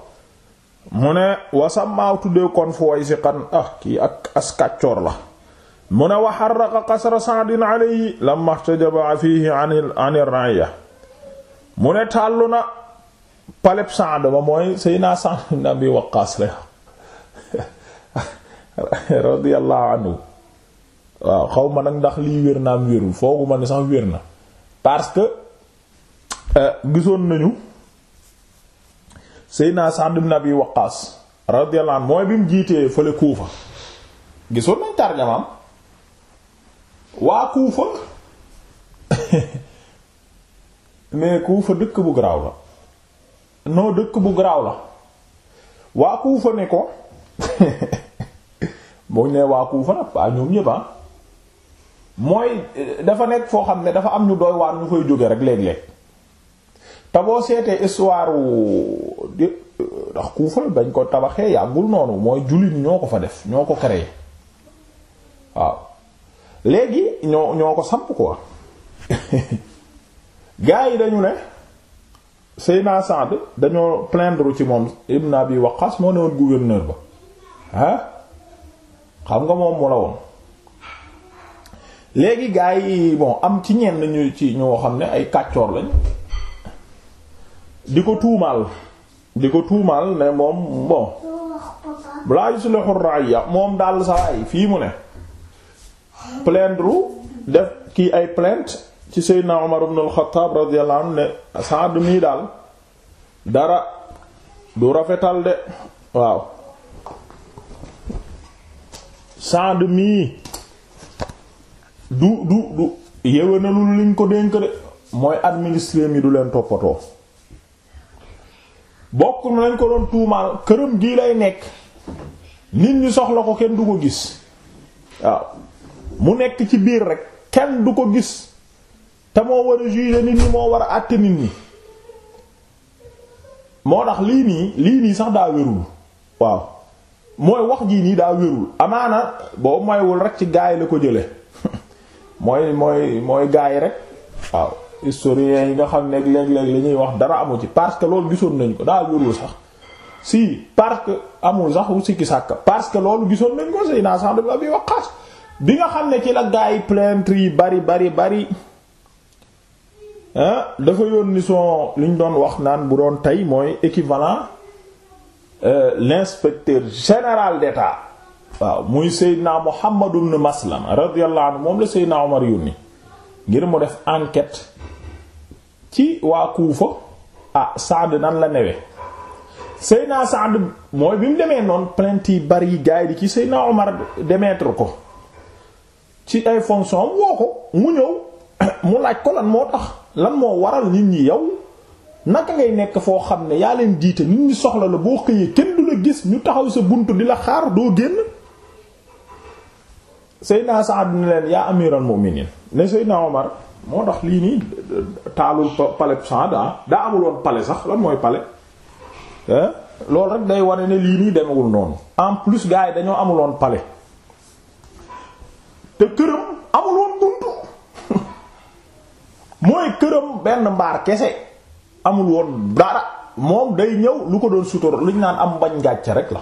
mu ne wasamaaw tuddee kon fu way si xan ah kii ak askàccoor la mu ne wa xarraqa qasra saadin alayhi lamma fiihi an ar-ra'iya mu ne tàllu na paleb Saad ba mooy Seydina Saad ibn Abi Waqqaas la radiyallahu anhu waaw xaw nag ndax lii wér na am wérul foogu ma sax wér na parce que euh, gisoon nañu Seydina Saad ibn Abi Waqqaas radiyallahu anhu mooy bi mu jiitee fële Kuufa gisoon nañ tarjamaam waa Kuufa mais Kuufa dëkk bu garaaw la noo dëkk bu garaaw la waa Kuufa ne ko mooñ ne waa Kuufa nag waa ñoom ñëpp ah mooy eh, dafa nekk foo xam ne dafa am ñu doy waar ñu fay jóge rek léeg-léeg te boo seetee histoire eh, ndax Kuufa bañ ko tabaxee yàggul noonu mooy jullit ñoo ko fa def ñoo ko créé waaw léegi ñoo ñoo ko samp quoi gaa yi dañu ne Seyna Saad dañoo plaindre ci moom Ibn Abi Waqqas moo ne woon gouverneur ba ah xam nga moom mu la woon léegi gaa yi bon am ci ñenn ñu ci ñoo xam ne ay kàccoor lañ di ko tuumaal di ko tuumaal ne moom bon laa yuslihu ar-ra'ya moom daal sa ay fii mu ne plaindre def kii ay plainte ci Seydina Umar ibn al-Khattab radiyallahu anhu ne Saad mii daal dara du rafetal de waaw Saad mii du du du yéwénalul liñ ko dénk de mooy administré mi du leen toppatoo bokk nañ lañ ko doon tuumaal këram gii lay nekk nit ñi soxla ko kenn du ko gis waaw mu nekk ci biir rek kenn du ko gis te moo war a juger nit ñi moo war a àtte nit ñi moo tax lii nii lii nii sax daa wérul waaw mooy wax gii nii daa wérul amaana boo moywul rek ci gaa yi la ko jële mooy mooy mooy gaa yi rek waaw historien yi nga xam ne léeg-léeg li ñuy wax dara amu ci parce que loolu gisoon nañ ko daa wérul sax si parce que amul sax wu sikki sàkk parce que loolu gisoon nañ ko Seydina Sa'd ibn Abi Waqqas bi nga xam ne ci la gaa yi plainte yi bari bari bari dafa yónni son li ñu doon wax naan bu doon tey mooy équivalent euh, l'inspecteur général d'État waaw muy Seydina Muhammad ibn Maslama radiyallahu anhu moom la Seydina Omar ni ngir mu def enquête ci waa Kuufa ah Saad nan la newe Seydina Saad mooy bi mu demee noon plainte yi bari yi gaa yi di ci Seydina Omar démettre ko ci ay fonction woo ko mu ñëw mu laaj ko lan moo tax lan moo waral nit ñi yow naka ngay nekk foo xam ne yaa leen jiite nit ñi soxla la boo xëyee kenn du la gis ñu taxaw sa bunt di la xaar doo génn Seydina Saad ne leen yaa amiral mu'minin ne Seydina Omar moo tax lii nii taalul palais Saad ah, daa amul woon palais sax lan mooy pale eh? loolu rek day wane ne lii nii demewul noonu en plus gars yi dañoo amuloon pale te këram amul woon buntu mooy këram benn mbaar kese amul woon dara moom day ñëw lu ko doon sutur lu ñu naan am bañ gàcce rek la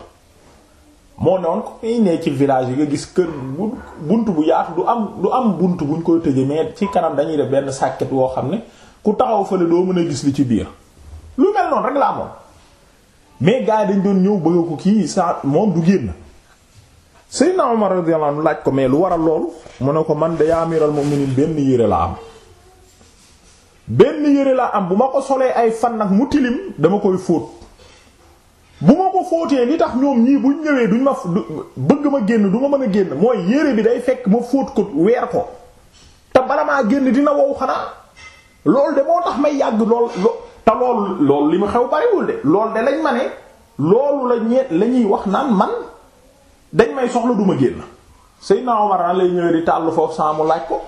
moo ne woon ko muy nee ci village yi nga gis kër bu bunt bu yaatu du am du am bunt buñ koy tëje mais ci kanam dañuy def benn sàkket woo xam ne ku taxaw fële doo mën a gis li ci biir lu mel noonu rek la amoon mais gars yi dañ doon ñëw bëgg ko kii sa moom du génn Seydina Omar radiyallahu anhu laaj ko mais lu waral loolu mu ne ko man de yaa amiral mu'minin benn yére la am benn yére laa am bu ma ko solee ay fan nag mu tilim dama koy fóot bu ma ko fóotee li tax ñoom ñii buñ ñëwee duñ ma bëgg ma génn du ma mën a génn mooy yére bi day fekk ma fóot ko weer ko te bala maa génn dina wow xanaa loolu de moo tax may yàgg lool te loolu loolu li ma xew barewul de loolu de lañ ma ne loolu la ñeet wax naan man dañ may soxla duma génn Seydina Omar a lay ñëwee di tàllu foofu saa mu laaj ko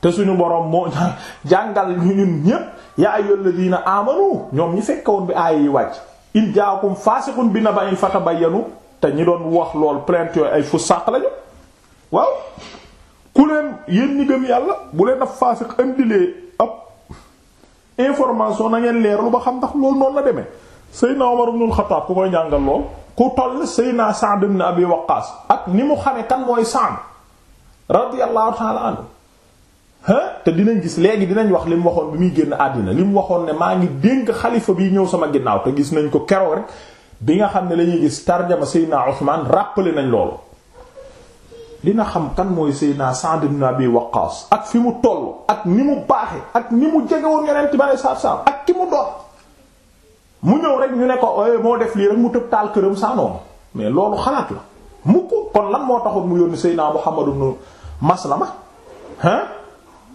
te suñu boroom moo jàngal ñu ñun ñépp yaa ayyul ladina amanu ñoom ñi fekke woon bi aaya yi wàcc in jaakum faasiqun bi ba fatabayyanu te ñi doon wax lool plainte yooyu ay fusaq lañu waaw ku leen yéen ñi gëm yàlla bu leen daf faasiq indilee ab information na ngeen leerlu ba xam ndax loolu noonu la demee Seydina Omar ibn al-Khattab ku koy jàngal lool ku toll Seydina Sa'd ibn Abi Waqqas ak ni mu xame kan mooy Sa'd radiyallahu ta'ala anhu te dinañ gis léegi dinañ wax li mu waxoon bi muy génn àddina li mu waxoon ne maa ngi dénk xalifa bi ñëw sama ginnaaw te gis nañ ko keroog rek bi nga xam ne la ñuy gis tarjama Seydina Usmaan rappelé nañ loolu dina xam kan mooy Seydina Sa'd ibn Abi ak fi mu toll ak ni mu baaxe ak ni mu jege woon Yonent bi sallallahu ak ki mu doon mu ñëw rek ñu ne ko eh, moo def lii rek mu tëb taal këram saanoon mais loolu xalaat la mukk kon lan moo taxoon mu yónni Seydina Muhammadu nu Maslama hein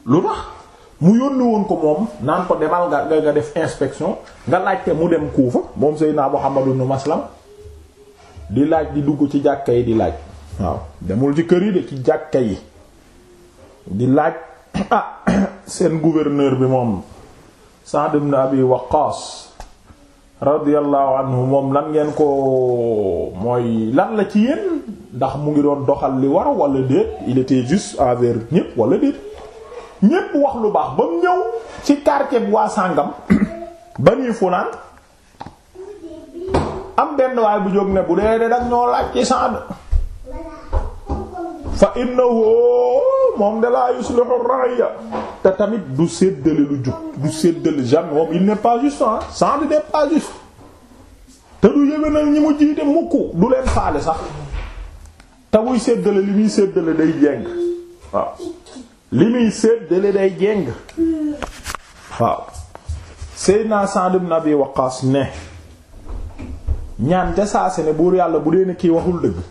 lu tax mu yónni woon ko moom naan ko demal nga nga def inspection nga laajte mu dem Kuufa moom Seydina Muhammadu nu Maslama di laaj di dugg ci jàkka yi di laaj waaw demul ci kër yi de ci jàkka yi di laaj ah seen gouverneur bi moom Sa'd ibn wax Waqqas radiyallahu anhu moom lan ngeen ko mooy lan la ci yéen ndax mu ngi doon doxal li war wala déet il était juste envers ñépp wala déet ñépp wax lu baax ba mu ñëw ci quartier bu waa sàngam ba nii fulaan am benn waay bu jóg ne bu dee de dag ñoo laaj ci sànd fa innahu moom de la yuslihu ar te tamit du séddale lu jub du séddale jamais moom il pas juste ah Saad n'est pas te du yéwénal ñi mu jiite mukk du leen faale sax te muy séddale li muy séddale day jeng waaw li muy séddale day jeng waaw Seydina Saad ibn Abi Waqqas ne ñaan ca saa si ne buur yàlla bu dee ne kii waxul dëgg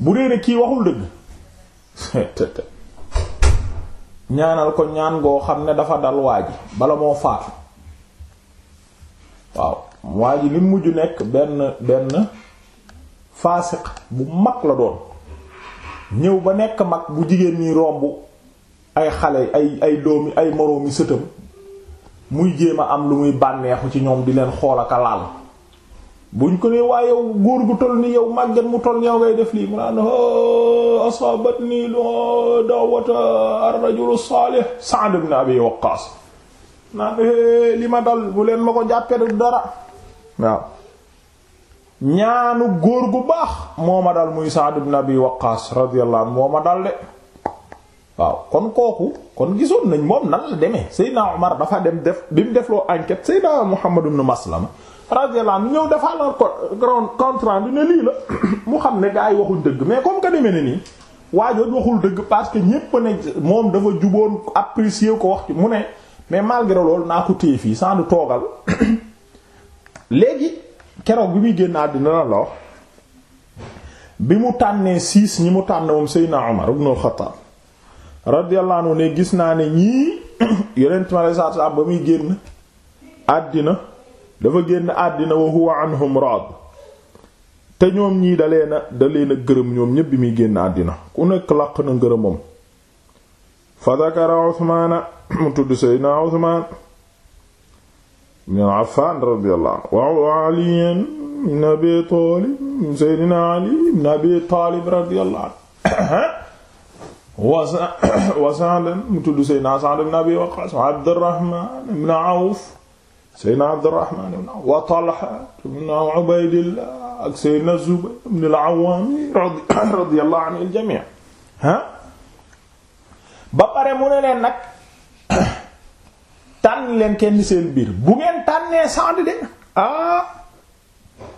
bu dee kiy waxul dëgg ñaanal ko ñaan goo xam ne dafa dal waa ji bala moo faatu waaw waa ji li mujj nekk benn benn faasiq bu mag la doon ñëw ba nekk mag bu jigéen ñi romb ay xale ay ay doomi ay moroomi sëtam muy jéem a am lu muy bànneexu ci ñoom di leen xool ak a laal buñ ko ne waaye yow góor gu toll ni yow màgget mu toll ni yow ngay def lii mu naan asabatni lo dawata ar-rajul as-salih Sa'd ibn Abi Waqqas li ma dal bu leen ma ko jàppee du dara waaw ñaanu góor gu baax moo ma dal muy Sa'd ibn Abi Waqqas radiyallahu anhu moo ma dal de waaw kon kooku kon gisoon nañ moom nan la demee Seydina Omar dafa dem def bi mu defloo enquête Seydina Muhammad ibn Maslama radiyallahu anhu ñëw dafa la ko contrat ne lii la mu xam ne gaa yi waxuñ dëgg mais comme que demee ne nii waajooj waxul dëgg parce que ñépp ne moom dafa juboon apprécier ko wax ci mu ne mais malgré lool naa ko téye fii sans du toogal léegi keroog bi muy génn àddina la la bi mu tànnee six ñi mu tànn moom Seydina Umar ibn al-Khattab radiyallahu ne gis naa ne ñii yonent ma sallallahu alayhi ba muy génn àddina dafa génn àddina wa huwa anhum raad te ñoom ñii da leen a da ñoom ñépp bi muy génn àddina ku nekk làq na ngërëmam fa dakara Usmaana mu tudd Seydina Usmaan ibn Affaan radiyallahu anhu wa Ali ibn Abi Taalib wa Sa'd mu tudd Seydina Sa'd ibn Abi Waqqaas Abdurrahmaan ibn Awf seydna abdirahman ibn wa talha ibn ak seydna zubayr ibn al-awwam radiyallahu anil jami' ha ba pare mu ne leen nag tànn leen kenn seen biir bu ngeen tànnee Saad de ah,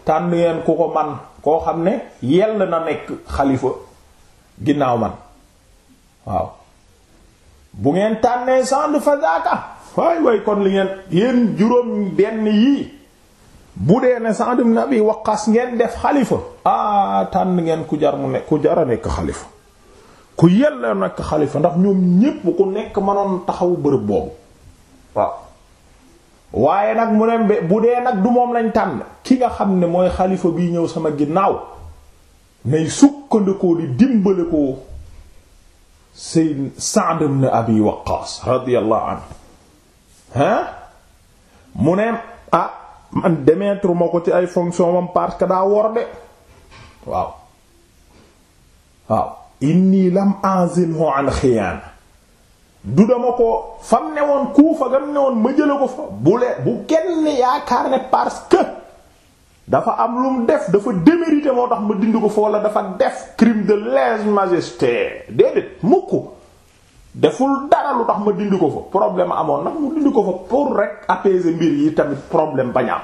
tànn ngeen ku ko man koo xam ne yell na nekk xalifa ginnaaw man waaw bu ngeen tànnee Saad fa zaaka waay waay kon li ngeen yéen juróom benn yii bu dee ne Sa'd ibn Abi Waqqas ngeen def xalifa ah tànn ngeen ku jar mu nekk ku jar a nekk xalifa ku yella nekk xalifa ndax ñoom ñépp ku nekk mënoon taxawu bërëb boobu waaw waaye nag mu ne bu dee nag du moom lañ tànn ki nga xam ne mooy xalifa bi ñëw sama ginnaaw nay sukkandikoo di dimbale ko Sayyid Sa'd ibn Abi Waqqas radiyallahu hein mu ne ah man démettre ma ko ci ay fonction mam parce que daa wor de waaw waaw nii lam anzilhu an xiyaana du dama ko fam ne woon kuufa gam ne woon ma jëla ko fa bu le bu kenn yaakaar ne parce que dafa am lum def dafa démérité moo tax ma dind ko fa wala dafa def crime de lèse-majesté déedéet mukk deful dara lu tax ma dindi ko fa problème amoon nag mu dindi ko fa pour rek apaiser mbir yi tamit problème bañ am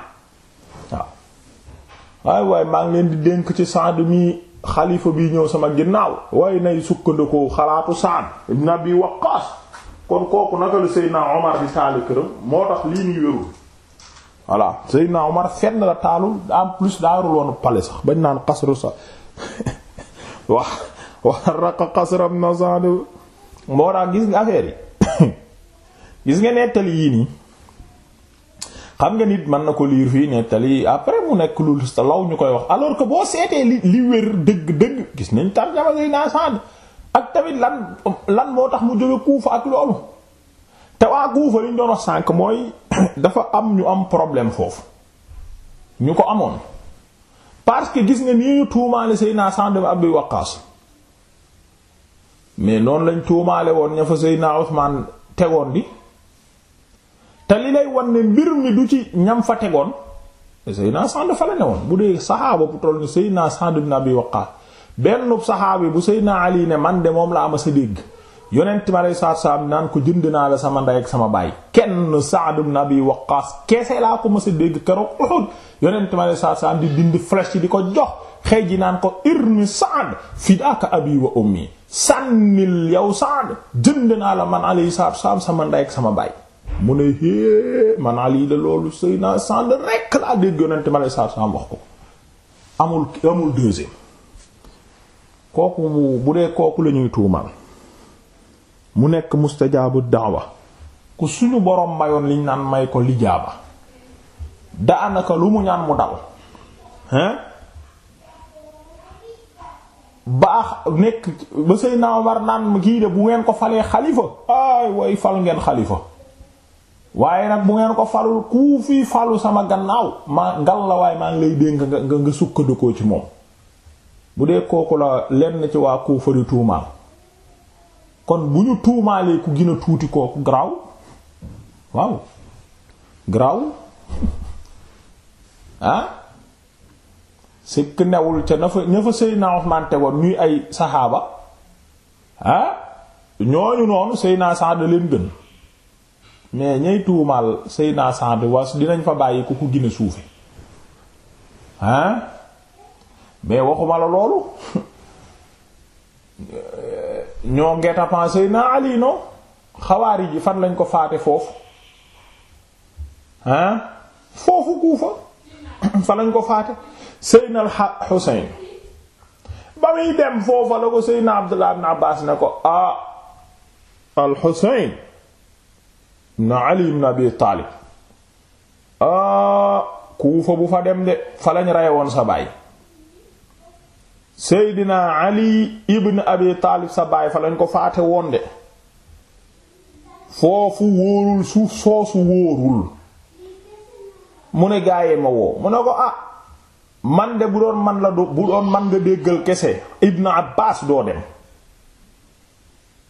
waaw waaye waaye maa ngi leen di dénk ci Saad mi xalifa bi ñëw sama ginnaaw waaye nay sukkandiku xalaatu Saad ibn Abi Waqqas kon kooku naka la Seydina Omar di taali këram moo tax lii nii wérul voilà Seydina Omar fenn la taalul en plus daarul woon pale sax bañ naan xasru sax wax wax raqa xasram na Saad moo tax gis nga affaire yi gis nga nettali yii nii xam nga nit man na ko liir fii nettali après mu nekk lu law ñu koy wax alors que boo seetee li li wér dëgg-dëgg gis nañ tarjama Seydina Saad ak tamit lan lan moo tax mu jóge Kuufa ak loolu te waa Kuufa li doon wax sànq mooy dafa am ñu am problème foofu ñu ko amoon parce que gis nga nii ñu tuumaale Seydina Saad ibn Abi Waqqaas mais noonu lañ tuumaale woon ña fa Seydina Usmaan tegoon di te li lay wan ne mbir mi du ci ñam fa tegoon Seydina Sa'd fa la ne woon bu dee saxaaba bu toll ni Seydina Sa'd ibn Abi Waqqaas benn saxaabi bu Seydina Ali ne man de moom laa ma sa dégg yonent ma lay naan ko jënd naa la sama ndey ak sama baay kenn Sa'd ibn Abi Waqqaas keese laa ko ma dégg keroog Uhud yonent ma lay saat di dindi flèche yi di ko jox xëy ji naan ko irmi Saad fidaaka abi wa ummi sànnil yow Saad jënd naa la man alayhi salaatu salaam sama ndey ak sama baay mu ne hee man Ali la loolu sëy naa Saad rekk laa dégg yonente ma alayhi salaatu salaam wax ko amul amul kooku bu dee kooku la ñuy tuumal mu nekk mustajaabu da'wa ku suñu borom mayoon liñ naan may ko lijaaba daanaka lu mu ñaan mu dal hein baax nekk ba Seydina Omar naan kii de bu ngeen ko falee xalifa ay way fal ngeen xalifa waaye nag bu ngeen ko falul ku fi falu sama gannaaw maa ngal la waaye maa ngi lay dénk nga nga nga sukkandikoo ci moom bu dee kooku la lenn ci waa Kufa di tuumaal kon bu ñu tuumaalee ku gën tuuti kooku garaaw waaw garaaw ah sikk newul ca na fa ña fa Seydina Usmaan tegoon ñuy ay saxaaba ah ñooñu noonu naa Saad leen gën mais ñay tuumaal Seydina Saad was dinañ fa bàyyi ku ko gën suufe ah mais waxuma la loolu ñoo ngeeta pensé na Ali no xawaari ji fan lañ ko faate foofu ah foofu Kuufa fa lañ ko faate seydna al Xuseyn ba muy dem foofa la ko seydna Abdullah ibn Abbaas ne ko ah al Xuseyn ibn Ali ibn Abi ah Kuufa bu fa dem de fa lañ reye woon sa baay seydna Ali ibn Abi sa baay fa lañ ko faate woon de foofu wóorul suuf soosu wóorul mu ne gaayee ma woo mu ne ko ah man de bu doon man la bu doon man nga déggal kese Ibn Abbas doo dem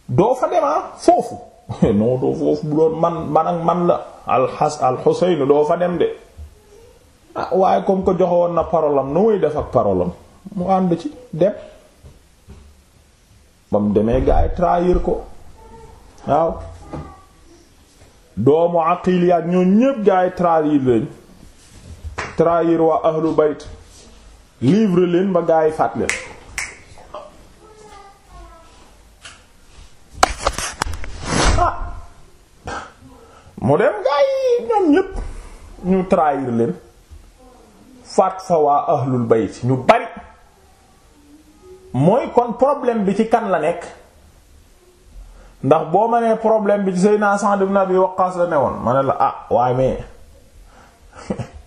doo fa demaa ah, foofu non doo foofu bu doon man man man la alxas alxuseyn doo fa dem de ah waaye comme ko joxewoon na parolam nu muy def ak parolam mu ànd ci dem ba mu demee gaay trahir ko waaw doomu aqiil yaak ñépp gaay trahir lañ trahir waa ahlu bayt livre leen ba gaa yi faat leen ah mu dem gaa yi ñoom ñépp ñu trahir leen faat fa waa ahlul bayt ñu bari mooy kon problème bi ci kan la nekk ndax boo ma nee problème bi ci Seydina Sa'd ibn Abi Waqqas la ne woon ma ne la ah waaye mais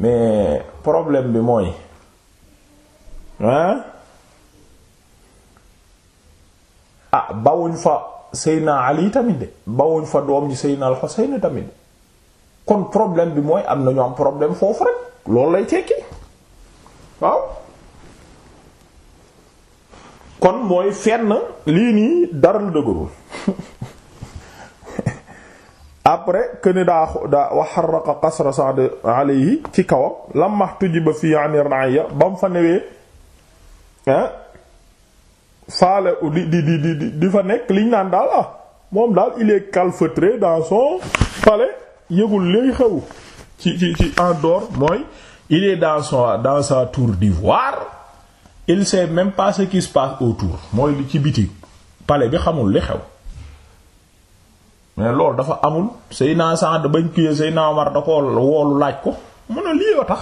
mais problème bi mooy hein ah bawuñ fa Seydina Ali tamit de bawuñ fa doom ji Seydina Al-Husayn tamit de kon problème bi mooy am na ñu am problème foofu rek loolu lay tekki waaw kon mooy fenn lii nii dara dëgërul après këne daa daa wa xarraqa qasra Sa'd alayhi ci kawam lamma tujiba fii ani raaya ba mu fa newee faale di di di di di fa nekk liñ naan daal a ah, moom daal il est calfeutré dans son palais yëgul léegi xew ci ci ci en mooy il est dans tour d'ivoire il sait même pas qui se autour mooy li ci biti palais bi xamul li xew mais loolu dafa amul Seydina Sa'd bañ kiyee Seydina Omar da ko woolu laaj ko mu ne lii yoo tax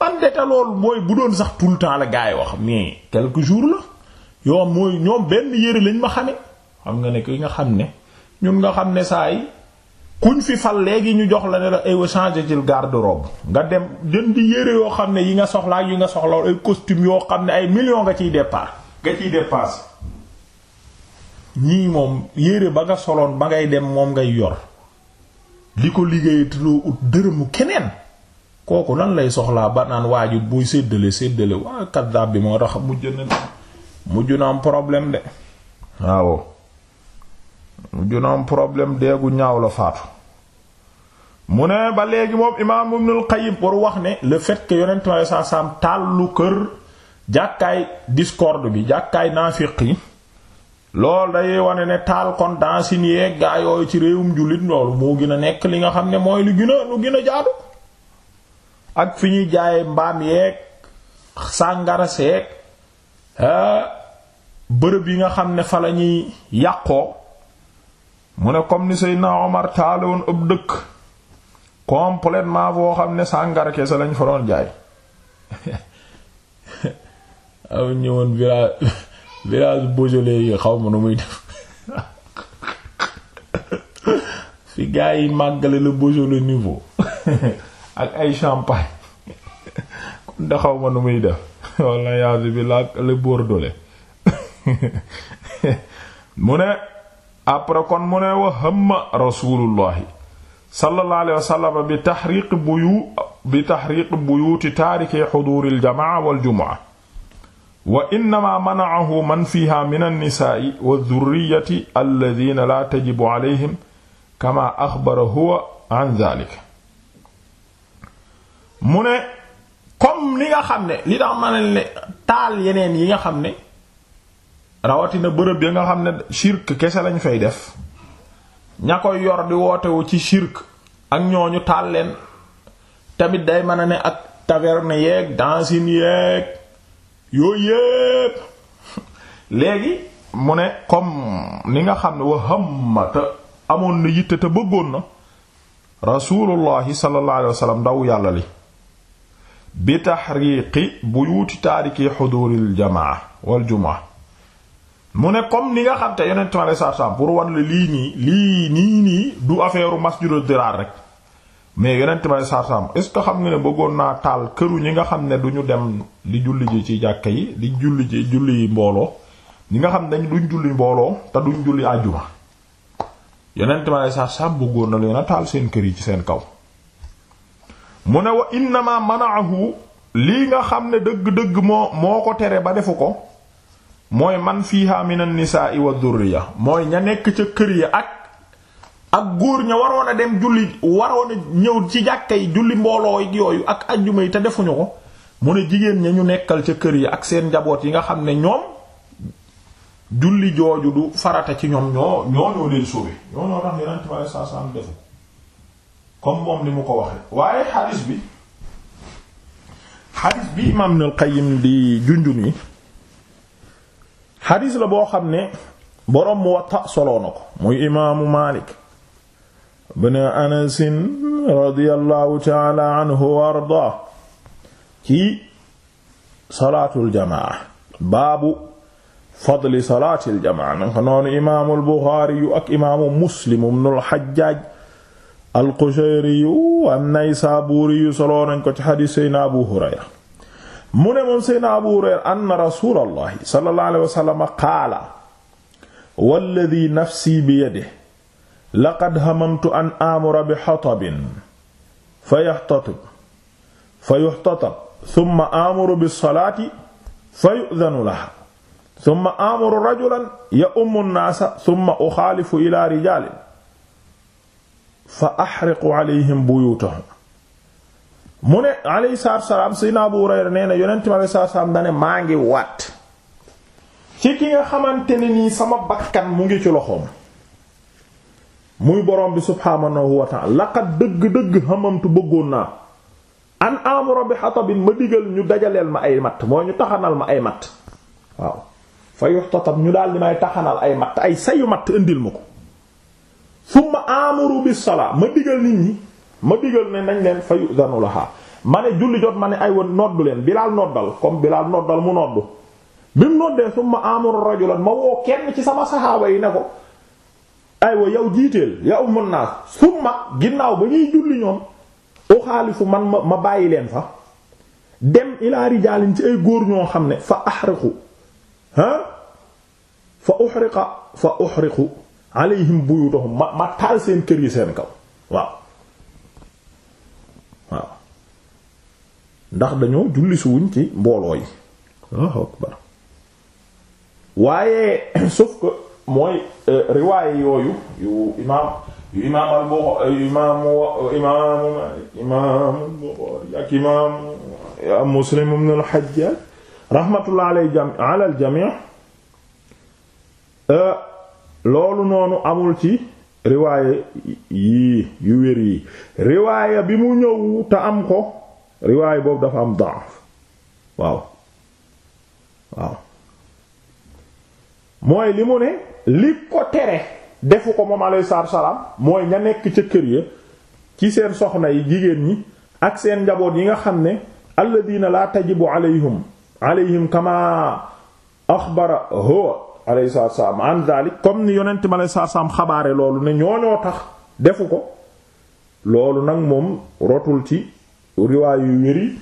man de te loolu mooy bu doon sax tout le temps la gars yi wax mais quelques jours la yow mooy ñoom benn yére lañ ma xame xam nga ne ki nga xam ne ñun nga xam ne saa yi kuñ fi fal léegi ñu jox la ne la aywa eh, changer ci garde-robe nga dem jënd yére yoo xam ne yi nga soxla yi nga soxla ay costume yoo xam ne ay millions nga ciy départ nga ciy dépasse ñii moom yére ba nga soloon ba ngay dem moom ngay yor di ko liggéey tudoo ut dërëmu keneen kooku lan lay soxlaa ba naan waaju buy séddale séddale waa kaddaab bi moo tax mu na mujj na am problème de waaw mujj na am problème deegu ñaaw la faatu mu ne ba léegi moom imaam Ibnul Qayyim war wax ne le fait yonent ma saa saam lu kër jàkkaay discorde bi jàkkaay naafiq yi loolu day wane ne taal kon dancine yeeg gaa yooyu ci réewum njulit loolu moo gën a nekk li nga xam ne mooy lu gën lu gën a jaadu ak fi ñuy jaay mbaam yeeg sàngara seeg bërëb yi nga xam ne fa la ñuy yàqoo mu ne comme ni Seydina Omar taale ëpp dëkk complètement boo xam ne sàngara kese lañ fa doon jaay aw ñëwoon village village Beaujolais yi xaw nu muy def fi gars yi màggale la Beaujolais niveau ak ay champagne kon da xaw nu muy def walla yaasu bi la le mu ne après kon mu ne wa hamma rasulullahi sallallahu bi tahriq buyu bi tahriq buyuti taariki xuduuril wa innama manaahu man fiha min alnisaai wa dhurriyati alladina la tajibu alayhim kama axbara huwa ne li nga xam ne li tax taal yeneen yi nga xam ne rawatina bërëb ya nga xam ne shirk kese lañ fay def ña koy yor di wootewu ci shirk ak ñooñu taal leen tamit day mën ne ak taverne yeeg dancine yeeg yooyu yépp léegi mu ne comme ni nga xam ne wa amoon na yitte te bëggoon na rasulullahi sallallahu alayhi ndaw yàlla li bi bu buyuuti taariki xuduril jamaa wal jumaa mu ne comme ni nga xam te yonent mi alayhi lii nii lii nii nii du affaire masjidul diraar rek mais yeneen may sarsam est ce que xam nga ne bëggoon naa taal këru ñi nga xam ne du ñu dem di julli ji ci jàkk yi di julli ji julli mbooloo ñi nga xam ne duñ julli mbooloo te duñ julli àjjuma yeneen may sarsam bëggoon na leen a taal seen kër yi ci seen kaw mu ne wa innama manaahu lii nga xam ne dëgg-dëgg moo moo ko tere ba defu ko mooy man fii min an-nisaa wa ya mooy ña nekk ca kër yi ak ak góor ña waroon a dem julli waroon a ñëw ci jàkka yi julli mbooloo yooyu ak ajjuma yi te defuñu ko mu ne jigéen ña ñu nekkal ca kër yi ak seen njaboot yi nga xam ne ñoom julli jooju du farata ci ñoom ñoo ñoo leen sauvé ñoo ñoo tax yeneen tubaab saa saa defu comme moom ni mu ko waxee. waaye xadis bi xadis bi imaam Ibnul Qayyim di junjun yi xadis la boo xam ne boroom Muwatta soloo na ko muy imaamu Maalik. ibn Anas radiyallahu ta'ala anhu wa ardaa ci salaatul jamaa baabu fadli salaatil jamaa nanga noonu imaamul Buxaari ak imaamu Muslim ibnul Hajjaaj al-Qushayri an-Naysaabuuri soloo nañ ko ci hadiis Seydina Abu Hurayra mu ne moom Seydina Abu Hurayra anna rasuulallahi sallallahu alayhi wa sallam qaala walladhi nafsi biyadihi laqad hamamtu an amura bi xatabin fa yaxtatib fa yuxtatab summa amuru bi salaati fa yudanu laha summa amuru rajulan ya ummu nnaasa summa uxaalifu ila rijalin fa axriqu alayhim buyutahum mu ne alayhi salaatu salaam sayna Abu Hurayra nee na yonent mi alayhi salaatu salaam dane maa ngi waat ci ki nga xamante ne nii sama bakkan mu ngi ci loxoom muy borom bi subhaanahu wa ta'ala laqad dëgg-dëgg xamamtu bëggoon naa an amura bi xatabin ma digal ñu dajaleel ma ay matt mooy ñu taxanal ma ay matt waaw fa yuxtatab ñu daal di may taxanal ay matt ay sayu matt indil ma ko summa amuru bi salaa ma digal nit ñi ma digal ne nañ leen fa yudanu laha ma ne julli jot ma ne ay woon noddu leen bilaal noddal comme bilaal noddal mu noddu bi mu noddee summa amuru rajulan ma woo kenn ci sama saxaaba yi ne ko aywa yow jiiteel ya ummun naas summa ginnaaw ba ñuy julli ñoom uxaalifu man ma bàyyi leen fa dem ilaa rijaalin ci ay góor ñoo xam ne fa axriqu ah fa uxriqa fa uxriqu alayhim ma ma taal seen kër yi seen kaw waaw waaw ndax dañoo julli suwuñ ci mbooloo yi waaye sauf que mooy euh, riwaaye yooyu yu imaam yu imaam al-Bukhari euh, imaam imaam imaam al-Bukhari ak imaam euh, Muslim ibn al-Hajjaj rahmatullah ala al-jami' loolu noonu amul ci riwaaye yii yu wér yi riwaaye bi mu ñëw te am ko riwaaye boobu dafa am da'f waaw waaw mooy li mu ne li ko tere defu ko moom alayhi salaam mooy ña nekk ca kër ya ci seen soxna yi jigéen ñi ak seen njaboot yi nga xam ne diina laa tajibu alayhum alayhim kama axbara huwa alayhi salaam an dalik comme ni yonent sa alayhi salaam xabaare loolu ne ñooñoo tax defu ko loolu nag moom rotul ci riwaay yu wéri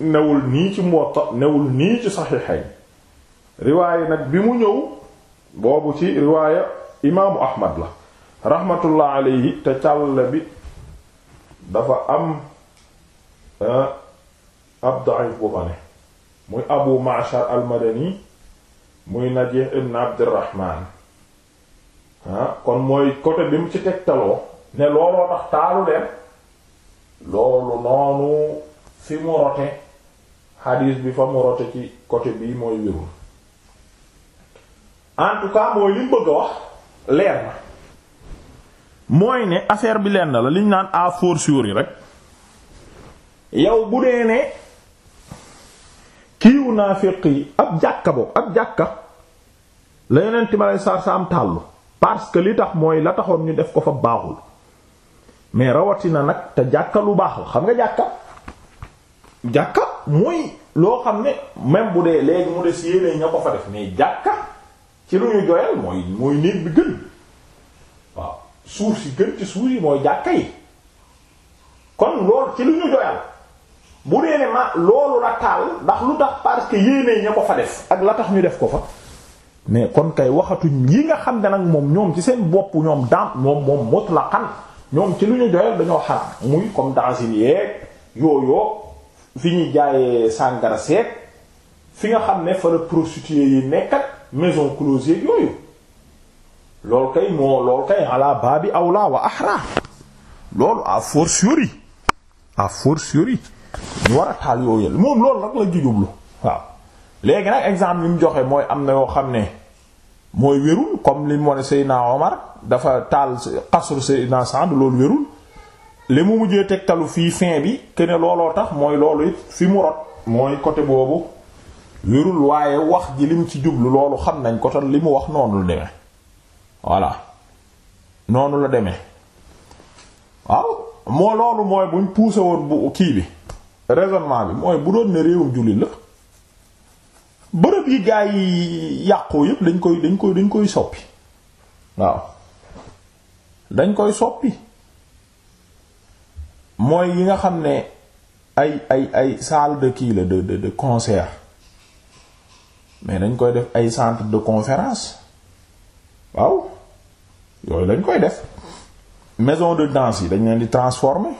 newul nii ci Muwatta newul nii ci Saxiixayn riwaaya nag bi mu ñëw boobu ci riwaaya imaamu ahmad la rahmatullah alayhi te càll bi dafa am ah, ab da'if bu fa ne muy abu ma'shar al-madani muy najih ibn abdirahman ah kon mooy côté bi mu ci tegtaloo ne looloo tax taalu leen loolu noonu fi mu rote xadiis bi fa mu rote ci côté bii mooy wérul en tout cas mooy li mu bëgg a wax leer na mooy ne affaire bi lenn la liñ naan a fortiori rek yow bu dee ne kiiwu naafiq yi ab jàkka boobu ab jàkka la yeneen timalay sar sa am tàllu parce que li tax mooy la taxoon ñu def ko fa baaxul mais rawatina nag te jàkka lu baax xam nga jàkka jàkka mooy loo xam ne même bu dee léegi mu des yéenee ña ko fa def mais jàkka ci lu ñu doyal mooy mooy néeg bi gën waaw suuf si gën ci suuf yi mooy jàkka yi kon loolu ci lu ñu doyal bu dee ne ma loolu la taal ndax lu tax parce que yéenee ña ko fa def ak la tax ñu def ko fa mais kon kay waxatuñ yi nga xam ne nag moom ñoom ci seen boppu ñoom daan moom moom mutlaqan ñoom ci lu ñu doyal dañoo xaraam muy comme dancin yeeg yooyoo fi ñuy jaayee sàngara seeg fi nga xam ne fa la prostituée yi nekkat maison close yooyu loolu kay moo loolu kay ala baabi awla wa ahra loolu à fortiori à fortiori ñu war a taal yooyu yël moom loolu nag la jujublu waaw léegi nag exemple yi mu joxe mooy am na yoo xam ne mooy wérul comme li mu wane Seydina Omar dafa taal xasru Seydina Sa'd loolu wérul li mu mujjee tegtalu fii fin bi que ne looloo tax mooy loolu fi mu rot mooy côté boobu wérul waaye wax ji lim ci jublu loolu xam nañ ko tan li mu wax noonu la demee voilà noonu la deme waaw moo loolu mooy buñ poussé woon bu kii bi raisonnement bi mooy bu doon ne réewum jullit la bërëb yi gaa yi yàqoo yëpp dañ koy dañ koy dañ koy soppi waaw dañ koy soppi mooy yi nga xam ne ay ay ay salle de kii la de de de concert mais dañ koy def ay centre de conférence waaw yooyu lañ koy def maison de danse yi dañ leen di transformer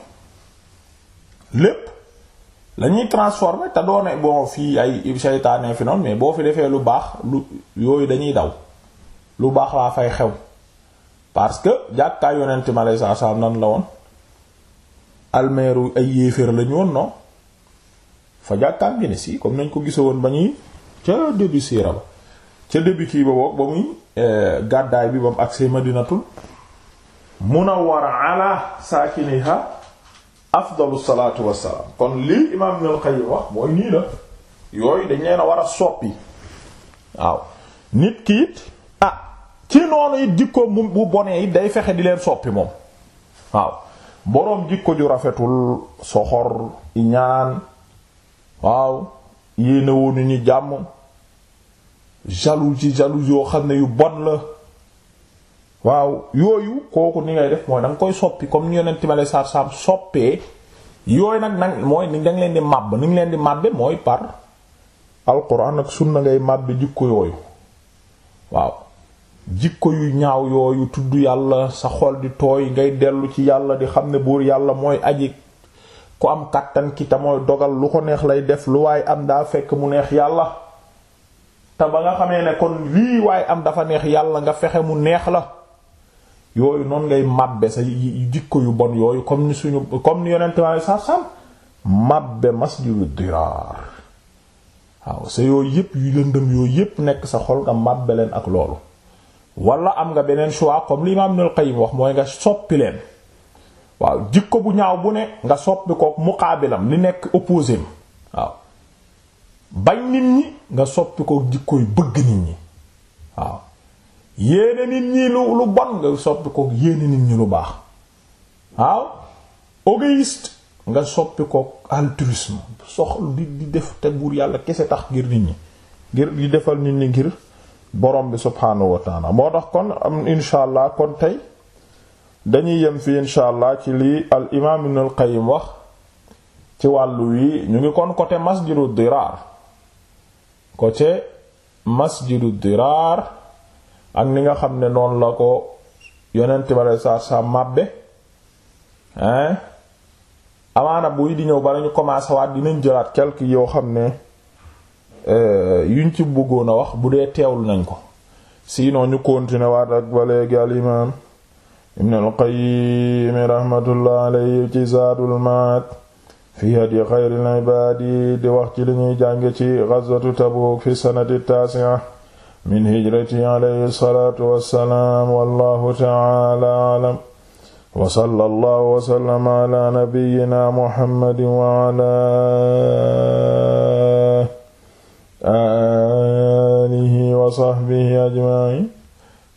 lépp lañuy transforme te doone bon fii ay seytaane fi noonu mais boo fi defee lu baax lu yooyu dañuy daw lu baax laa fay xew parce que jàkkaay yonent ma lay saa saa nan la woon almeeru ay yéeféer lañu woon non fa jàkkaam gi ne si comme nañ ko gisoo woon ba ñuy ca début siira ba ca début kii ba boobu ba muy eh, gàddaay bi ba mu agsee madinatul munawwara ala saakiniha afdalu salaatu wassalaam kon lii imaam Ibnul Qayyim wax mooy nii la yooyu dañ leen a war a soppi waaw nit ki it ah, ci noonu it jikko bu bonee it day fexe di leen soppi moom waaw boroom jikko ju rafetul soxor iñaan waaw yéene woonu ñu jàmm jalousie jalousie yoo xam ne yu bon la waaw yooyu kooku ni ngay def mooy da koy soppi comme ni yonent ma lay saar soppee yooyu nag nag mooy ni danga leen di màbb ni leen di màbbe mooy par alquran ak na ngay màbbe jikko yooyu waaw jikko yu ñaaw yooyu tudd yàlla sa xool di tooy ngay dellu ci yàlla di xam ne buur yàlla mooy aji ku am kàttan ki te mooy dogal lu ko neex lay def lu waaye am daa fekk mu neex yàlla te ba nga xamee ne kon lii waaye am dafa neex yàlla nga fexe mu neex la yooyu noonu ngay màbbe sa dikko yu bon yooyu comme ni suñu comme ni yonent ma sarsam màbbe yu diraar waaw sa yooyu yëpp yu lëndëm yooyu yëpp nekk sa xol nga màbbe leen ak loolu wala am nga beneen choix comme li Imam Ibnul Qayyim wax mooy nga soppi leen waaw jikko bu ñaaw bu ne nga soppi ko muqaabilam li nekk opposé waaw bañ nit ñi nga soppi ko jikkoy bëgg nit ñi waaw yéene nit ñi lu lu bon nga soppi kook yéene nit ñi lu baax waaw égoïste nga soppi ko altruisme sox di di def te buur yàlla kese tax ngir nit ñi ngir di defal nit ñi ngir borom bi subhaanahu wa taala moo tax kon am insha allah kon tey dañuy yem fi insha allah ci lii al imaam ibn al qayyim wax ci wàllu wi ñu ngi kon côté masjidu diraar côté masjidu diraar ak ni nga xam ne noonu la ko yonent bale saa saa màbbe hein amaana buy di ñëw bala ñu commencé waat dinañ jëlaat quelque yoo xam ne euh, yuñ ci bëggoon a wax bu dee teewul nañ ko sinon ñu continuer waat ak ba léegi al imaam ibn al-Qayyim rahmatullah alayhi ci Zaadul Ma'aad fi hadyi xayril ibaadi di wax ci li ñuy jànge ci ghazwatu Tabuuk fi sanati taasi'a min hijrati alayhi salaatu wassalaam wallahu ta'ala a'lam wa sallallahu wa sallama ala nabiyyina muhammadin wa ala aalihi wa sahbihi ajma'in